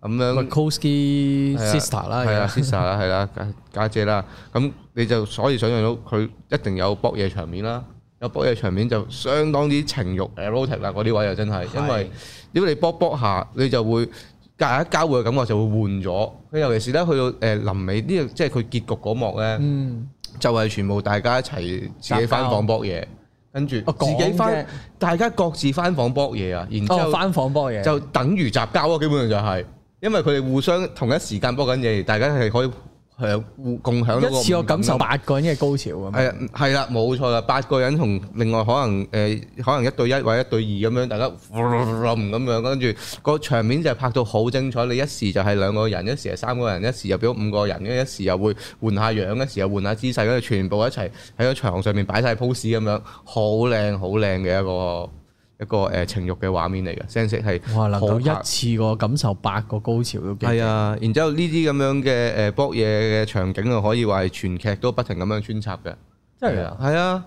咁樣個 cosky sister 啦，係啊，sister 啦，係啦，家姐啦，咁你就所以想象到佢一定有搏嘢場面啦，有搏嘢場面就相當之情慾誒 erotic 啦，啲位又真係，因為如果你搏搏下，你就會大家交互嘅感覺就會換咗，尤其是咧去到誒臨尾呢，即係佢結局嗰幕咧，就係全部大家一齊自己翻房搏嘢，跟住自己翻，大家各自翻房搏嘢啊，然之後翻房搏嘢，就等於雜交啊，基本上就係。因為佢哋互相同一時間播緊嘢，大家係可以係互共享一次，我感受八個人嘅高潮。係啊，係啦，冇錯啦，八個人同另外可能誒、呃，可能一對一或者一對二咁樣，大家咁、呃呃呃、樣跟住個場面就係拍到好精彩。你一時就係兩個人，一時係三個人，一時又變咗五個人，一時又會換下樣，一時又換下姿勢，跟住全部一齊喺個牆上面擺晒 pose 咁樣，好靚好靚嘅一個。一個誒情慾嘅畫面嚟嘅聲色係哇，是能夠一次過感受八個高潮都幾係啊！然之後呢啲咁樣嘅誒搏嘢嘅場景，又可以話係全劇都不停咁樣穿插嘅，真係啊！係啊！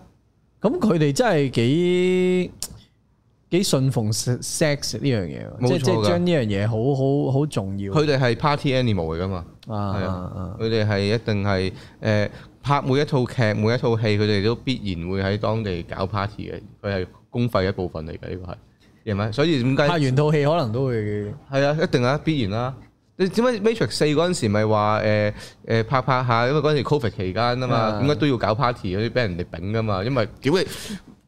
咁佢哋真係幾幾信奉 sex 呢樣嘢，即係即係將呢樣嘢好好好重要。佢哋係 party animal 嚟噶嘛？啊啊！佢哋係一定係誒、呃、拍每一套劇、每一套戲，佢哋都必然會喺當地搞 party 嘅。佢係。公費一部分嚟嘅呢個係，係咪？所以點解拍完套戲可能都會係啊，一定啊，必然啦。你點解 Matrix 四嗰陣時咪話誒誒拍拍下，因為嗰陣時 Covid 期間啊嘛，點解都要搞 party 嗰啲俾人哋炳噶嘛？因為屌你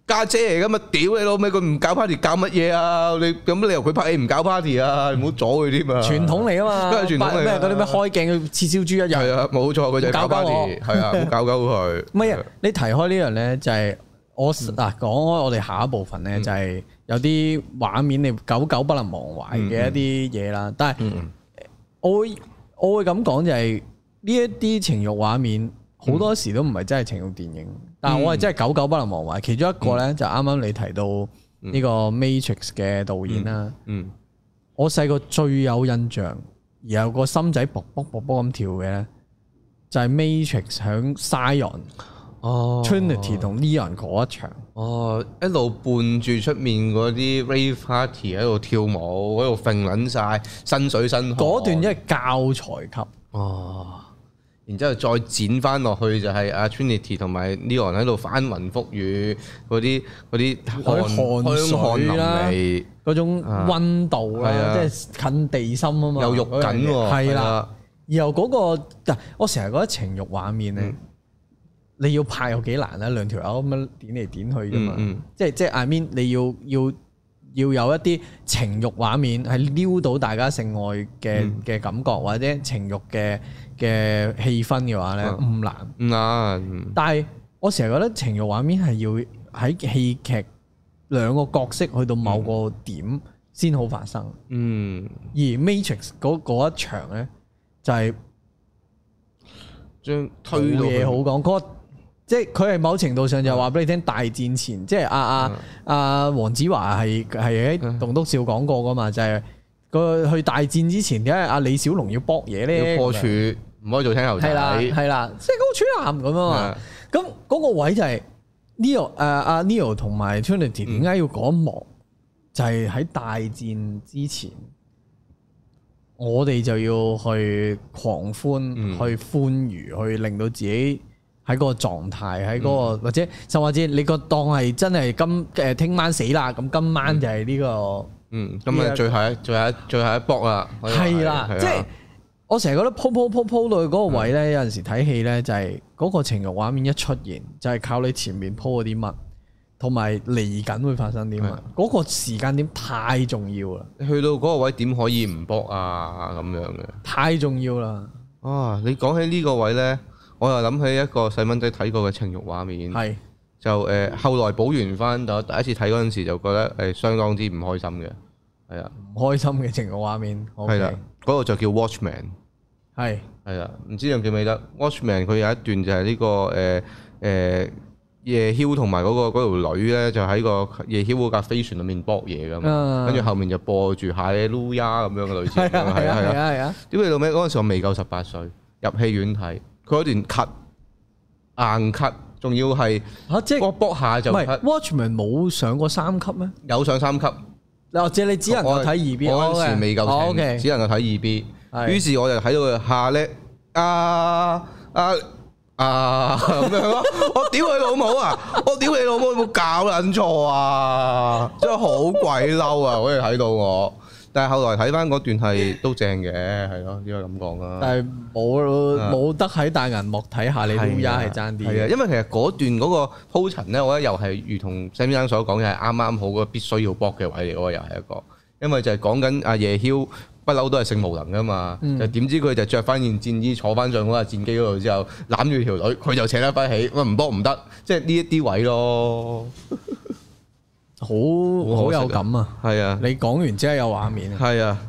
家姐嚟噶嘛，屌你老味，佢唔搞 party 搞乜嘢啊？你有乜理由佢拍戲唔搞 party 啊？唔好阻佢添啊！傳統嚟啊嘛，傳統嚟啊，嗰啲咩開鏡去切燒豬一樣係啊，冇錯，佢就搞 party 係啊，唔搞搞佢。唔係啊，你提開呢樣咧就係。我嗱講開我哋下一部分咧，嗯、就係有啲畫面你久久不能忘懷嘅一啲嘢啦。嗯、但係我我會咁講就係呢一啲情慾畫面，好多時都唔係真係情慾電影，嗯、但係我係真係久久不能忘懷。嗯、其中一個咧、嗯、就啱啱你提到呢個 Matrix 嘅導演啦、嗯。嗯，嗯我細個最有印象，然後個心仔卜卜卜卜咁跳嘅，就係 Matrix 響 Zion。哦，Trinity 同 Leon 嗰一場哦，哦一路伴住出面嗰啲 Rave Party 喺度跳舞，喺度揈撚晒，身水身汗，汗。嗰段真係教材級。哦，然之後再剪翻落去就係阿 Trinity 同埋 Leon 喺度翻雲覆雨，嗰啲嗰啲汗香汗淋漓啦，嗰、啊、種温度啦、啊，即係、啊、近地心啊嘛。啊有肉緊喎。係啦，然後嗰、嗰個，嗱，我成日覺得情慾畫面咧、嗯。你要拍有幾難啦、啊，兩條友咁樣點嚟點去嘅嘛，嗯嗯，即係即係 I mean 你要要要有一啲情慾畫面係撩到大家性愛嘅嘅感覺，或者情慾嘅嘅氣氛嘅話咧，唔難唔難。但係我成日覺得情慾畫面係要喺戲劇兩個角色去到某個點先、嗯、好發生。嗯，而 Matrix 嗰一場咧就係、是、推冇嘢好講。即係佢係某程度上就話俾你聽，大戰前，嗯、即係阿阿阿黃子華係係喺棟篤笑講過噶嘛，就係、是、佢去大戰之前，點解阿李小龍要搏嘢咧，破處唔就可以做聽後仔係啦係啦，即係、就是、高處男咁啊嘛。咁嗰、啊、個位就係 ne、uh, Neo 誒阿 Neo 同埋 Trinity 點解要講一幕，嗯、就係喺大戰之前，我哋就要去狂歡、嗯、去歡愉去令到自己。喺嗰個狀態，喺嗰、那個或者，甚或之你個當係真係今誒聽晚死啦，咁今晚就係呢、這個嗯，咁啊最後一最後一最後一搏啊，係啦，即係對吧、就是、我成日覺得鋪鋪鋪鋪到去嗰個位咧，有陣時睇戲咧，就係嗰個情慾畫面一出現，就係、是、靠你前面鋪嗰啲乜，同埋嚟緊會發生啲乜，嗰的個時間點太重要啦！去到嗰個位點可以唔搏啊咁樣嘅？太重要啦！啊，你講起呢個位咧～我又諗起一個細蚊仔睇過嘅情慾畫面，是就誒、呃、後來補完翻，就第一次睇嗰陣時就覺得誒相當之唔開心嘅，係啊，唔 開心嘅情慾畫面，係、okay、啦，嗰、 啊那個就叫 Watchman，係，係 啊，唔知仲記唔記得 Watchman 佢有一段就係呢、這個誒誒、呃、夜梟同埋嗰個條、那個、女咧就喺個夜梟嗰架飛船裏面搏嘢咁，uh, 跟住後面就播住 Hallelujah 咁樣嘅類似，係啊係啊，點解到尾嗰陣時我未夠十八歲入戲院睇？佢嗰段 cut，硬 cut，仲要係嚇，即係搏卜下就 cut Watchman 冇上過三級咩？有上三級，或者、啊、你只能夠睇二 B 我。我嗰時、啊、未夠，O K，只能夠睇二 B 是。於是我就睇到佢下咧，啊，啊，啊，咁、啊、樣咯。我屌你老,、啊、 老母啊！我屌你老母你有冇搞捻錯啊？真係好鬼嬲啊！可以睇到我。但係後來睇翻嗰段係都正嘅，係咯，應該咁講啦。但係冇冇得喺大銀幕睇下你烏丫係爭啲嘅。因為其實嗰段嗰個鋪陳咧，我覺得又係如同 Sam 先生所講嘅係啱啱好嗰、嗰個、必須要搏嘅位嚟，嗰個又係一個。因為就係講緊阿夜曉不嬲都係性無能㗎嘛，嗯、就點知佢就着翻件戰衣坐翻上嗰架戰機嗰度之後攬住條女，佢就扯得不起，我唔搏唔得，即係呢一啲位咯。 好好有感啊！係啊，你講完之後有畫面啊！係啊，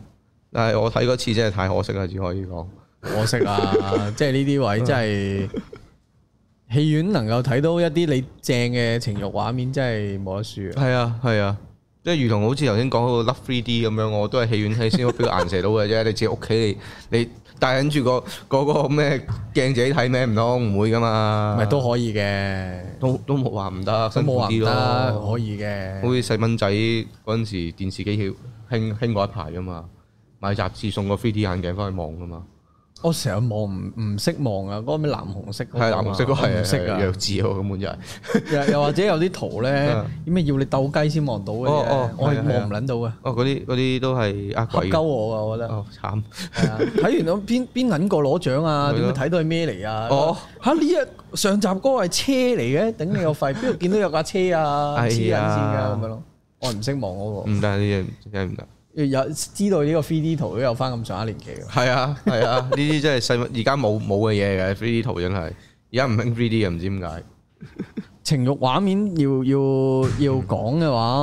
但係我睇嗰次真係太可惜啦，只可以講可惜啊！ 即係呢啲位真係戲 院能夠睇到一啲你正嘅情欲畫面真，真係冇得輸。係啊係啊，即係如同好似頭先講嗰個 Love Three D 咁樣，我都係戲院睇先可以眼射到嘅啫。你自己屋企你。戴緊住個嗰個咩鏡仔睇，咩唔通唔會噶嘛？唔係都可以嘅，都都冇話唔得，新穎啲咯，可以嘅。好似細蚊仔嗰陣時電視機興興過一排噶嘛，買雜誌送個 3D 眼鏡翻去望噶嘛。我成日望唔唔識望啊，嗰個咩藍紅色，色唔識啊弱智啊咁樣就係又又或者有啲圖咧，咩要你鬥雞先望到嘅，我係望唔撚到嘅。哦嗰啲嗰啲都係呃鬼，黑鳩我啊！我覺得哦慘，睇完咗邊邊撚個攞獎啊？點解睇到係咩嚟啊？哦吓，呢一上集歌係車嚟嘅，頂你個肺！邊度見到有架車啊？黐啊，線啊，咁樣咯，我係唔識望嗰個。唔得呢嘢，真係唔得。有知道呢個 3D 圖都有返咁上下年紀嘅。係啊，係啊，呢啲真係細，而家冇冇嘅嘢嘅 3D 圖真係，而家唔興 3D 啊，又唔知點解。情慾畫面要要要講嘅話，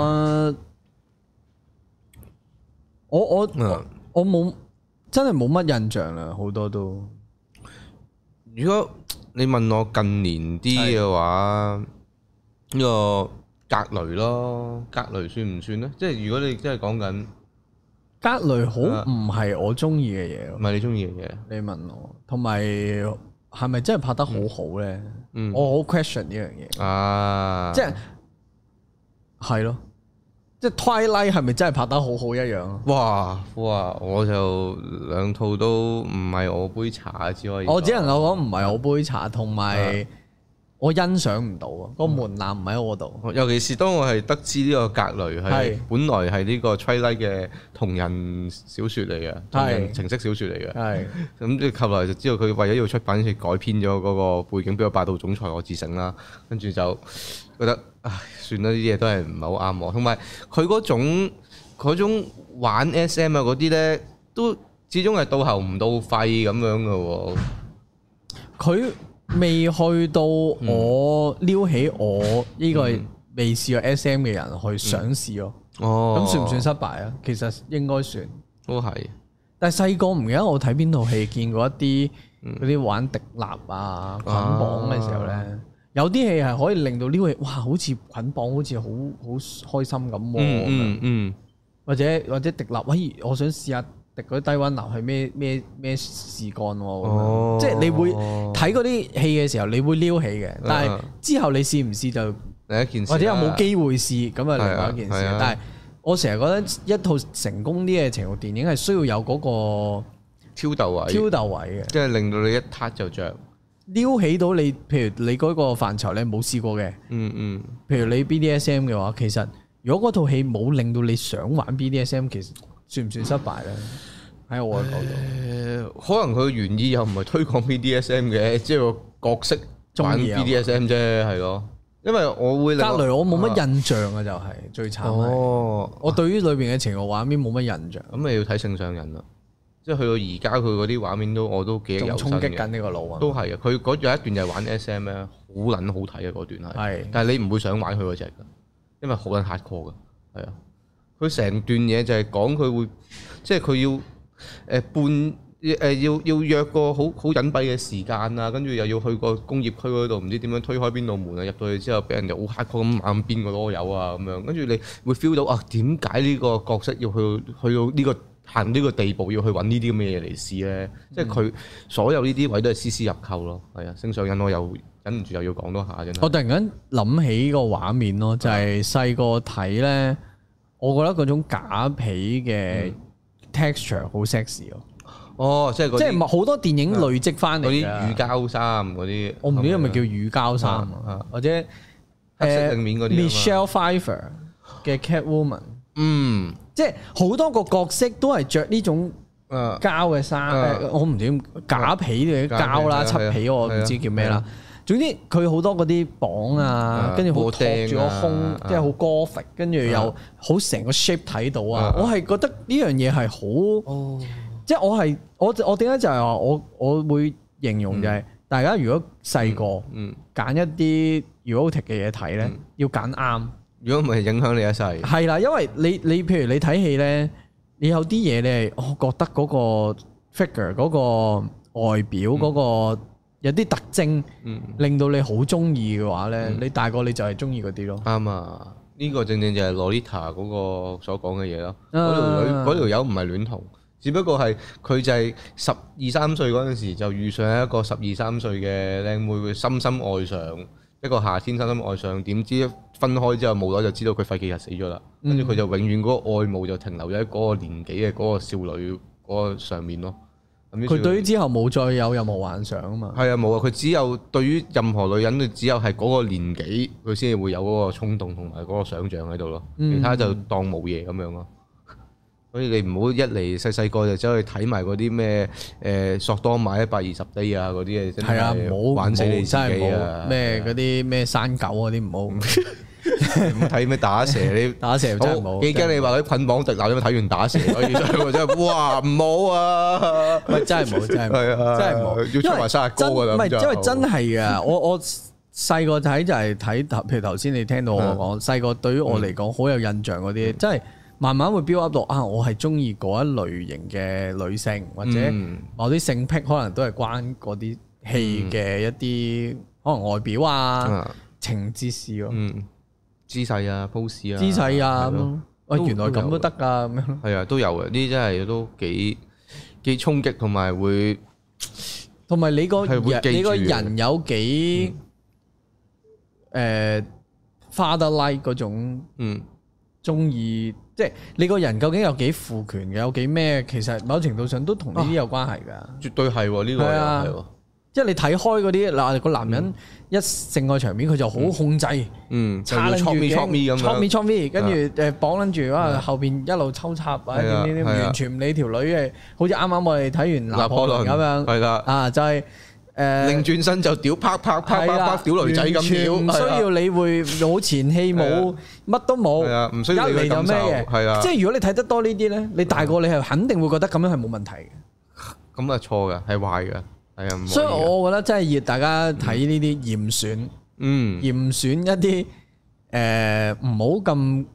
我我我冇真係冇乜印象啦，好多都。如果你問我近年啲嘅話，呢個格雷咯，格雷算唔算咧？即係如果你真係講緊。格雷好唔係我中意嘅嘢，唔係你中意嘅嘢。你問我，同埋係咪真係拍得好好咧？嗯、我好 question 呢樣嘢啊，即係係咯，即係 Twilight 係咪真係拍得好好一樣？哇哇，我就兩套都唔係我杯茶之外，我只能夠講唔係我杯茶，同埋。啊我欣賞唔到啊！個門檻唔喺我度，嗯。尤其是當我係得知呢個格雷係是本來係呢個 Twilight 嘅同人小説嚟嘅，是同人情色小説嚟嘅。係咁，即係後來就知道佢為咗要出品，改編咗嗰個背景俾個霸道總裁我自省啦。跟住就覺得唉，算啦！呢啲嘢都係唔係好啱我。同埋佢嗰種嗰種玩 SM 啊嗰啲咧，都始終係到喉唔到肺咁樣嘅喎。佢。未去到我、嗯、撩起我呢、呢個未試過 SM 嘅人去想試咯，咁、嗯哦、算唔算失敗啊？其實應該算，都係是。但係細個唔記得我睇邊套戲見過一啲嗰啲玩滴蠟啊捆綁嘅時候咧，啊、有啲戲係可以令到撩起：「哇好似捆綁好似好好開心咁，嗯嗯嗯、或者或者滴蠟，喂、哎，我想試下。跌嗰啲低溫流係咩咩咩事幹喎？哦、即係你會睇嗰啲戲嘅時候，你會撩起嘅。哦、但係之後你試唔試就另一件事，或者又冇機會試，咁啊另外一件事。但係我成日覺得一套成功啲嘅情慾電影係需要有嗰、嗰個挑逗位，挑逗位嘅，即係令到你一撻就着，撩起到你。譬如你嗰個範疇你冇試過嘅、嗯，嗯嗯。譬如你 BDSM 嘅話，其實如果嗰套戲冇令到你想玩 BDSM，其實。算唔算失敗咧？喺我角度，呃、可能佢原意又唔係推廣 BDSM 嘅，即係角色玩 BDSM 啫，係咯。因為我會我隔籬我冇乜印象、就是、啊，就係最慘。哦，我對於裏邊嘅情色畫面冇乜印象。咁你、哦、要睇性上癮啦。即係去到而家，佢嗰啲畫面都我都幾有衝擊緊呢個腦。都係啊，佢嗰有一段就係玩 SM 咧，好捻好睇嘅嗰段係，但係你唔會想玩佢嗰隻噶，因為好捻客 call 噶，係啊。佢成段嘢就係講佢會，即係佢要誒、呃、半誒、呃、要要約個好好隱蔽嘅時間啊，跟住又要去個工業區嗰度，唔知點樣推開邊度門啊，入到去之後俾人哋好黑確咁掹邊個囉柚啊咁樣，跟住你會 feel 到啊點解呢個角色要去去到、呢、呢個行呢個地步，要去揾呢啲咁嘅嘢嚟試咧？嗯、即係佢所有呢啲位都係絲絲入扣咯，係啊，性上癮我又忍唔住又要講多下先啦。真係我突然間諗起個畫面咯，就係細個睇咧。我覺得嗰種假皮嘅 texture 好 sexy 哦！哦，即係即係唔係好多電影累積翻嚟嗰啲乳膠衫嗰啲，我唔知係咪叫乳膠衫啊？或者黑色面嗰啲 Michelle Pfeiffer 嘅 Catwoman，嗯，即係好多個角色都係着呢種膠嘅衫，我唔知假皮定膠啦，漆皮我唔知叫咩啦。總之佢好多嗰啲綁啊，跟住好托住個胸，即係好 g o 跟住又好成個 shape 睇到啊！我係覺得呢樣嘢係好，即係我係我我點解就係話我我會形容就係，大家如果細個揀一啲 erotic 嘅嘢睇咧，要揀啱，如果唔係影響你一世。係啦，因為你你譬如你睇戲咧，你有啲嘢咧，我覺得嗰個 figure 嗰個外表嗰個。有啲特徵令到你好中意嘅話呢，嗯、你大個你就係中意嗰啲咯。啱啊、嗯，呢、呢個正正就係《洛麗塔》嗰個所講嘅嘢咯。嗰條、啊、女、嗰條友唔係戀童，啊、只不過係佢就係十二三歲嗰陣時就遇上一個十二三歲嘅靚妹，深深愛上一個夏天，深深愛上。點知分開之後，冇耐就知道佢肺結核死咗啦。跟住佢就永遠嗰個愛慕就停留在嗰個年紀嘅嗰個少女嗰上面咯。佢對於之後冇再有任何幻想啊嘛，係啊，冇啊，佢只有對於任何女人，佢只有係嗰個年紀，佢先會有嗰個衝動同埋嗰個想像喺度咯，其他就當冇嘢咁樣咯。嗯、所以你唔好一嚟細細個就走去睇埋嗰啲咩誒索多買一百二十 D 啊嗰啲，係啊，唔好玩死你自己啊！咩嗰啲咩山狗嗰啲唔好。 睇咩打蛇？你打蛇真係冇。幾驚你話嗰啲捆綁？嗱，你咪睇完打蛇，所以真係哇，唔好啊！咪真係唔好。真係，真係唔好，要出埋生日歌噶啦。咪因為真係噶。我我細個睇就係睇譬如頭先你聽到我講，細個對於我嚟講好有印象嗰啲，真係慢慢會標 up 到啊！我係中意嗰一類型嘅女性，或者某啲性癖，可能都係關嗰啲戲嘅一啲可能外表啊、情之事咯。姿勢啊，pose 啊，姿勢啊咁，啊吧都原來咁、啊、都得噶，咁樣係啊，都有嘅，呢啲真係都幾幾衝擊，同埋會，同埋你、那個你個人有幾誒 father like 嗰種，嗯，中意，即、就、係、是、你個人究竟有幾父權嘅，有幾咩？其實某程度上都同呢啲有關係噶、啊，絕對係喎，呢、這個係喎。即係你睇開嗰啲嗱，個男人一性愛場面佢就好控制，嗯，叉捻住嘅，叉咪叉咪咁樣，叉咪叉咪，跟住誒綁捻住，哇後邊一路抽插啊，呢啲完全唔理條女嘅，好似啱啱我哋睇完《拿破崙》咁樣，係啦，啊就係誒，擰轉身就屌啪啪啪啪啪屌女仔咁屌，完全唔需要理會冇前戲冇乜都冇，係啊，唔需要嘅感受，係啊，即係如果你睇得多呢啲咧，你大個你係肯定會覺得咁樣係冇問題嘅，咁啊錯噶，係壞噶。所以我覺得真係要大家睇呢啲嚴選，嚴選一啲誒唔好咁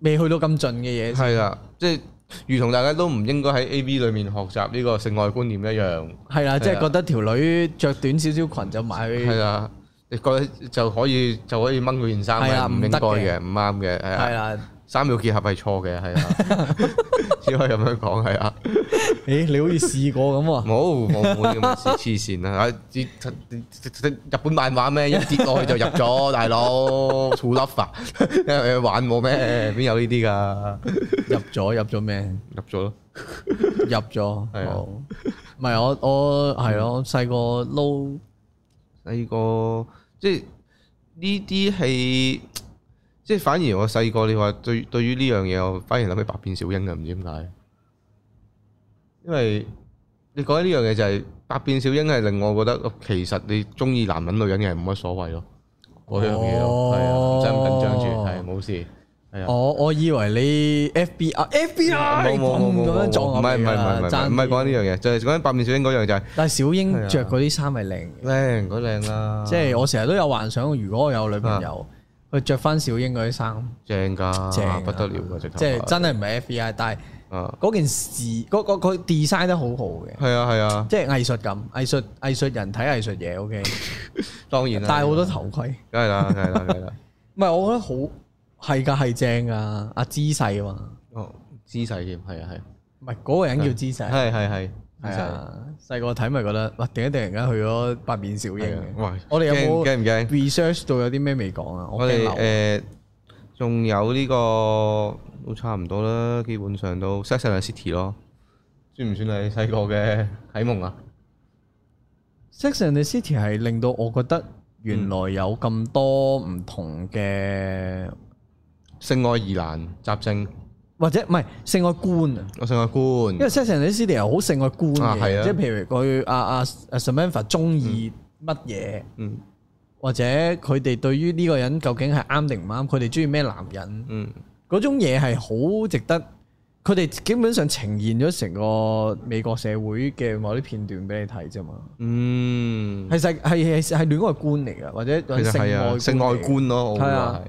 未去到咁盡嘅嘢。係啦，即係如同大家都唔應該喺 AV 裏面學習呢個性愛觀念一樣。係啦，即係覺得條女着短少少裙就買。係啦，你覺得就可以就可以掹佢件衫，係啦，唔應該嘅，唔啱嘅，係啦，三秒結合係錯嘅，係啦。只可以咁樣講係啊！誒、欸，你好似試過咁啊？冇冇咁嘅事，黐線啊！啊，日本漫畫咩一跌落去就入咗，大佬 To Love 啊！啊玩冇咩？邊有呢啲㗎？入咗入咗了咩？入咗了咯，入咗係啊！唔係我我係咯，細個撈細個即係呢啲係。即係反而我細個，你話對對於呢樣嘢，我反而諗起百變小英嘅，唔知點解。因為你講緊呢樣嘢就係、是、百變小英係令我覺得其實你中意男人女人嘅係冇乜所謂咯。嗰、哦、樣嘢咯，係啊，真係唔緊張住，係冇事。哦，我以為你 F B I F B I 咁樣撞下嘅。唔係唔係唔係唔係，唔係講呢樣嘢，就係講緊百變小英嗰樣就係、是。但係小英着嗰啲衫係靚，靚嗰靚啦。即係、啊、我成日都有幻想，如果我有女朋友。啊佢着翻小英嗰啲衫，的正㗎、啊，正的不得了㗎，即係真係唔係 FBI，但係嗰件事嗰嗰佢 design 得好好嘅，係啊係啊，即係藝術感，藝術藝術人睇藝術嘢，OK，當然啦，戴好多頭盔，梗係啦梗係啦梗係啦，唔係 我覺得好係㗎係正㗎、啊，阿姿勢啊嘛，哦姿勢添，係啊係，唔係嗰個人叫姿勢，係係係。係啊，細個睇咪覺得，哇！點解突然間去咗百變小櫻？哇！喂我哋有冇驚唔驚 research 到有啲咩未講啊？我哋誒們，仲流、呃、有呢個都差唔多啦，基本上都 Sex and City 咯，算唔算係細個嘅啟蒙啊、嗯、？Sex and City 係令到我覺得原來有咁多唔同嘅、嗯、性愛疑難雜症。或者唔係性愛觀啊，我性愛觀，因為 Sex and the City 又好性愛觀嘅，即係譬如佢阿阿 Samantha 中意乜嘢，或者佢哋對於呢個人究竟係啱定唔啱，佢哋中意咩男人，嗰種嘢係好值得。佢哋基本上呈現咗成個美國社會嘅某啲片段俾你睇啫嘛。嗯，其實係係係戀愛觀嚟噶，或者性愛性愛觀咯，係來 JavaScript 啊，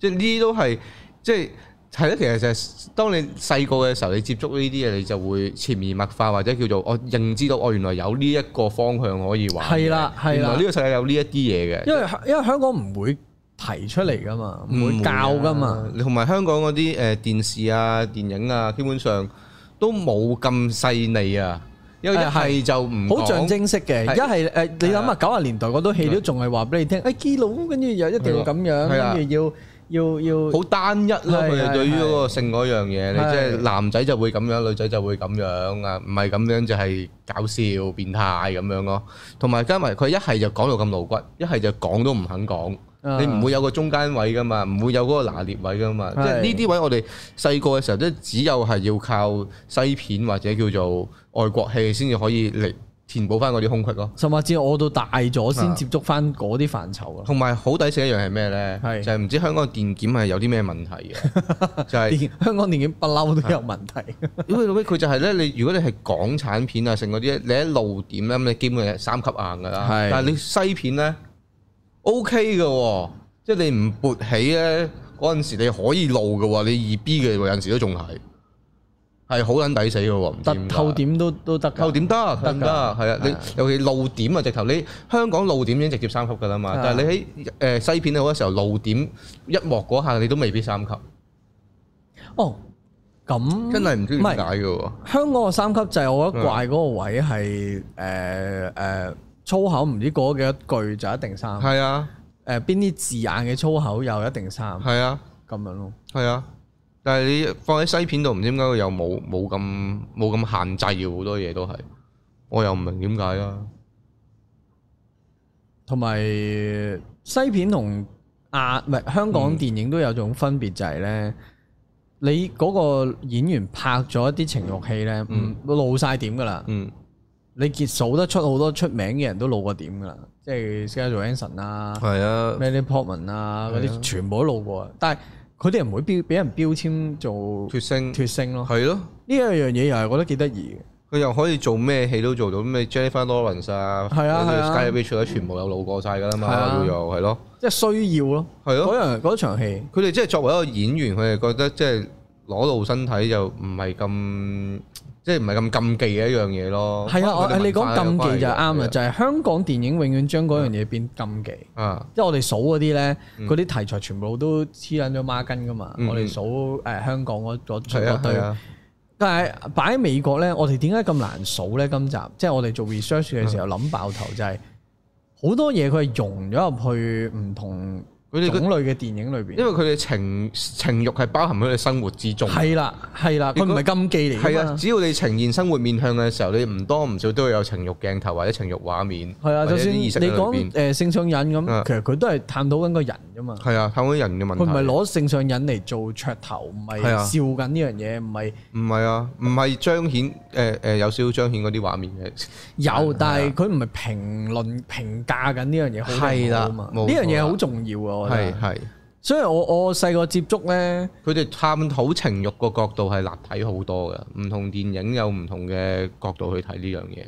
即係呢啲都係即係。Witness irm 係咯，其實就係當你細個嘅時候，你接觸呢啲嘢，你就會潛移默化或者叫做我認知到，我原來有呢一個方向可以玩。係啦，係啦，原來呢個世界有呢一啲嘢嘅。因為因為香港唔會提出嚟噶嘛，唔會教噶嘛。同埋香港嗰啲誒電視啊、電影啊，基本上都冇咁細膩啊。因為一係就唔好象徵式嘅，一係誒你諗下九十年代嗰啲戲都仲係話俾你聽，誒基佬，跟住又一定要咁樣，跟住要。要要好單一咯，佢哋對於嗰個性嗰樣嘢，係係係你即係男仔就會咁樣，女仔就會咁樣啊，唔係咁樣就係搞笑、變態咁樣咯。同埋加埋佢一係就講到咁露骨，一係就講都唔肯講，你唔會有個中間位噶嘛，唔會有嗰個拿捏位噶嘛。即係呢啲位，我哋細個嘅時候即只有係要靠西片或者叫做外國戲先至可以嚟填補翻嗰啲空隙咯。甚至我到大咗先接觸翻嗰啲範疇啊。同埋好抵死一樣係咩咧？係是就係唔知香港電檢係有啲咩問題嘅。就檢、是、 香港電檢不嬲都有問題。因為喂佢就係、是、咧，你如果你係港產片啊，成嗰啲，你一露點咧咁，你基本係三級硬噶啦。是但係你西片咧，OK 嘅、哦，即、就、係、是、你唔撥起咧嗰陣時，你可以露嘅喎，你二 B 嘅有陣時都仲係。係好撚抵死嘅喎，得透點都都得，透點得得唔得？係啊！你尤其露點啊，直頭你香港露點已經直接三級㗎啦嘛，但係你喺誒西片好多時候露點一幕嗰下，你都未必三級。哦，咁真係唔知點解嘅喎。香港嘅三級制，我覺得怪嗰個位係誒誒粗口唔知講幾多句就一定三。係啊。誒邊啲字眼嘅粗口又一定三。係啊。咁樣咯。係啊。但係你放喺西片度，唔知點解佢又冇冇咁冇咁限制嘅，好多嘢都係，我又唔明點解啦。同埋西片同亞唔係香港電影都有種分別就係咧，你嗰個演員拍咗一啲情慾戲咧，嗯，都露晒點噶啦，嗯，你結數得出好多出名嘅人都露過點噶啦，即係嘅做 Angus 啊，係啊，咩啲 Portman 啊嗰啲全部都露過，但係。佢哋唔會標俾人標籤做脫星，脫星咯，係咯的。呢一樣嘢又係覺得幾得意嘅。佢又可以做咩戲都做到，咩 Jennifer Lawrence 啊，Skye Beach 都全部有露過晒噶啦嘛，又係咯。即係需要咯，係咯的。嗰場嗰場戲，佢哋即係作為一個演員，佢哋覺得即係裸露身體又唔係咁。即係唔係咁禁忌嘅一樣嘢咯？係啊，我你講禁忌就啱啦，就係香港電影永遠將嗰樣嘢變禁忌。啊！即係我哋數嗰啲咧，嗰啲題材全部都黐撚咗孖筋噶嘛。我哋數誒香港嗰嗰對，但係擺喺美國咧，我哋點解咁難數咧？今集即係我哋做 research 嘅時候諗爆頭，就係好多嘢佢係融咗入去唔同。佢哋種類嘅電影裏邊，因為佢哋情情慾係包含喺佢生活之中。係啦，係啦，佢唔係禁忌嚟㗎。係啊，只要你呈現生活面向嘅時候，你唔多唔少都會有情慾鏡頭或者情慾畫面。係啊的，就算你講誒性上癮咁，其實佢都係探討緊個人啫嘛。係啊，探討人嘅問題。佢唔係攞性上癮嚟做噱頭，唔係笑緊呢樣嘢，唔係唔係啊，唔係彰顯誒誒、呃、有少少彰顯嗰啲畫面嘅。有，的但係佢唔係評論評價緊呢樣嘢，係啦，呢樣嘢好重要啊。係係，所以我我細個接觸咧，佢哋探討情欲個角度係立體好多嘅，唔同電影有唔同嘅角度去睇呢樣嘢。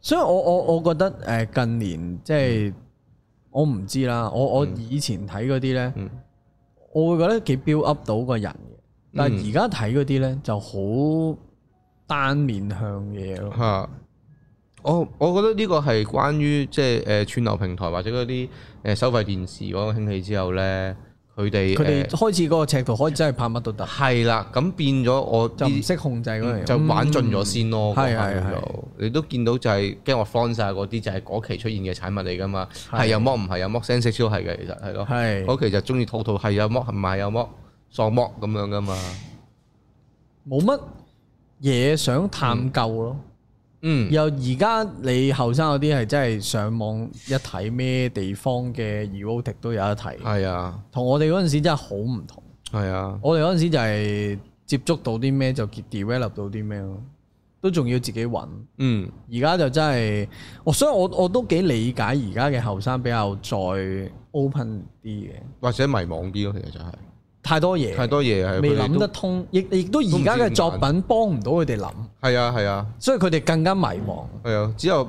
所以我我我覺得誒，近年即係、就是、我唔知啦。嗯、我我以前睇嗰啲咧，嗯、我會覺得幾 build up 到個人嘅，但係而家睇嗰啲咧就好單面向嘅嘢咯。嗯嗯啊我、oh, 我覺得呢個係關於即係誒串流平台或者嗰啲誒收費電視嗰個興起之後咧，佢哋佢哋開始嗰個尺度可以真係拍乜都得。係啦，咁變咗我就唔識控制嗰樣，嗯、就玩盡咗先咯。係係、嗯、你都見到就係驚我翻曬嗰啲就係嗰期出現嘅產物嚟㗎嘛。係又剝唔係又剝，成色都係嘅其實係咯。係嗰是期就中意套套係又剝，唔係又剝，喪剝咁樣㗎嘛。冇乜嘢想探究咯、嗯。嗯，又而家你後生嗰啲係真係上網一睇咩地方嘅 erotic 都有得睇，係啊，同我哋嗰陣時真係好唔同，係啊，我哋嗰陣時就係接觸到啲咩就 develop 到啲咩咯，都仲要自己揾，嗯，而家就真係，我所以我我都幾理解而家嘅後生比較再 open 啲嘅，或者迷惘啲咯，其實就係、係、太多嘢，太多嘢係未諗得通，亦亦都而家嘅作品幫唔到佢哋諗。係啊，係啊，啊所以佢哋更加迷茫。係啊，只有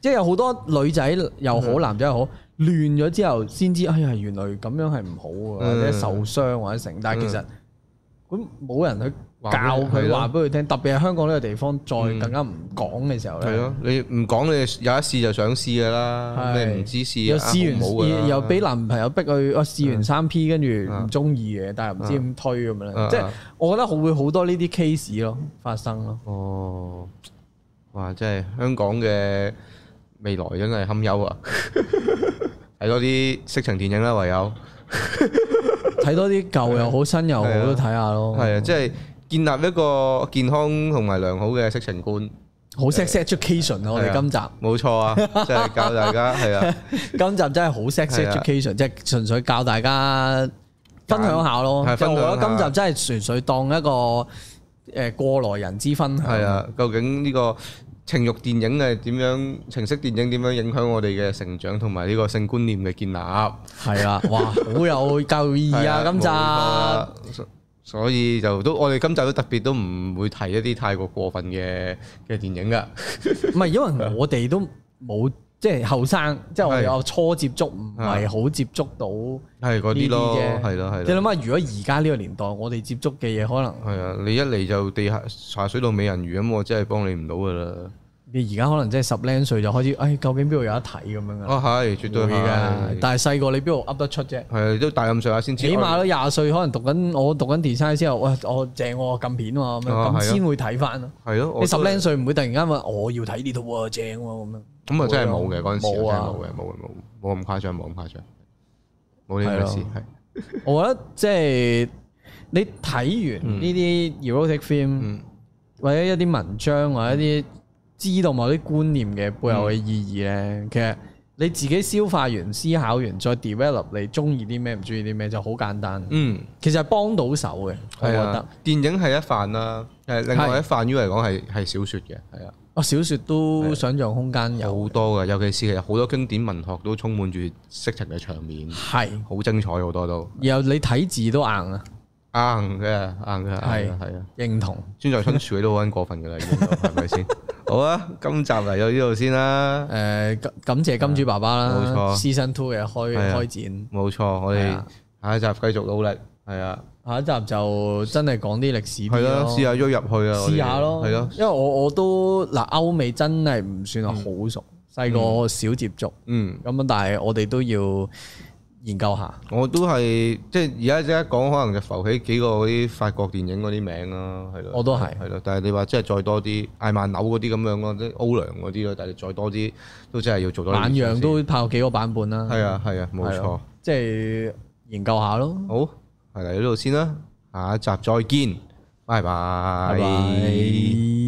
即係有好多女仔又好，嗯、男仔又好，亂咗之後先知，哎呀，原來咁樣係唔好嘅，嗯、或者受傷或者成。但係其實咁冇人去。嗯嗯去教佢話俾佢聽，特別係香港呢個地方，再更加唔講嘅時候咧，係咯，你唔講你有一試就想試噶啦，你唔知試，有試完又又俾男朋友逼佢，我試完三 P 跟住唔中意嘅，但係唔知點推咁樣，即係我覺得會會好多呢啲 case 咯，發生咯。哦，哇，真係香港嘅未來真係堪憂啊！睇多啲色情電影啦，唯有睇多啲舊又好，新又好都睇下咯。係啊，即係。建立一個健康同埋良好嘅色情觀，好 sex education 啊！欸、我哋今集冇、啊、錯啊，即、就、係、是、教大家係 啊，今集真係好 sex education，即係純粹教大家分享下咯。啊、我覺得今集真係純粹當一個誒過來人之分係啊。究竟呢個情欲電影係點樣？情色電影點樣影響我哋嘅成長同埋呢個性觀念嘅建立？係啊，哇，好有教育意義啊！啊今集。所以就都，我哋今集都特別都唔會提一啲太過過分嘅嘅電影噶。唔係，因為我哋都冇 即係後生，的即係我有初接觸唔係好接觸到係嗰啲咯，係咯係。你諗下，如果而家呢個年代，我哋接觸嘅嘢可能係啊，你一嚟就地下下水道美人魚咁，我真係幫你唔到噶啦。你而家可能即係十零歲就開始，哎，究竟邊度有得睇咁樣噶？啊，係絕對嘅。但係細個你邊度噏得出啫？係都大咁歲下先起碼都廿歲，可能讀緊我讀緊 design 之後，喂，我正喎禁片喎，咁先會睇翻咯。係咯，你十零歲唔會突然間話我要睇呢套喎正喎咁樣。咁啊，真係冇嘅嗰陣時啊，冇嘅冇嘅冇，冇咁誇張，冇咁誇張，冇呢回事。係，我覺得即係你睇完呢啲 erotic film 或者一啲文章或者一啲。知道某啲觀念嘅背後嘅意義咧，嗯、其實你自己消化完，思考完，再 develop 你中意啲咩、唔中意啲咩就好簡單。嗯，其實係幫到手嘅，嗯、我覺得。電影係一範啦，係另外一範。於嚟講係係小説嘅，係啊。哦，小説都想像空間有好多㗎，尤其是其實好多經典文學都充滿住色情嘅場面，係好精彩好多都。然後你睇字都硬啊！啱嘅，啱嘅，係係啊，認同。春在春樹都好撚過分，噶啦，認同係咪先？好啊，今集嚟到呢度先啦。誒，感感謝金主爸爸啦，Season Two 嘅開開展。冇錯，我哋下一集繼續努力。係啊，下一集就真係講啲歷史片咯。係咯，試下喐入去啊。試下咯，係咯。因為我我都嗱歐美真係唔算係好熟，細個少接觸。嗯，咁但係我哋都要。研究下，我都係即係而家即刻講，可能就浮起幾個嗰啲法國電影嗰啲名咯，係咯。我都係，係咯。但係你話即係再多啲艾曼紐嗰啲咁樣啲歐良嗰啲咯。但係再多啲，都真係要做多。啲嘅。萬樣都拍過幾個版本啦。係啊，係啊，冇錯。即係、就是、研究下咯。好，係嚟呢度先啦。下一集再見，拜拜。Bye bye。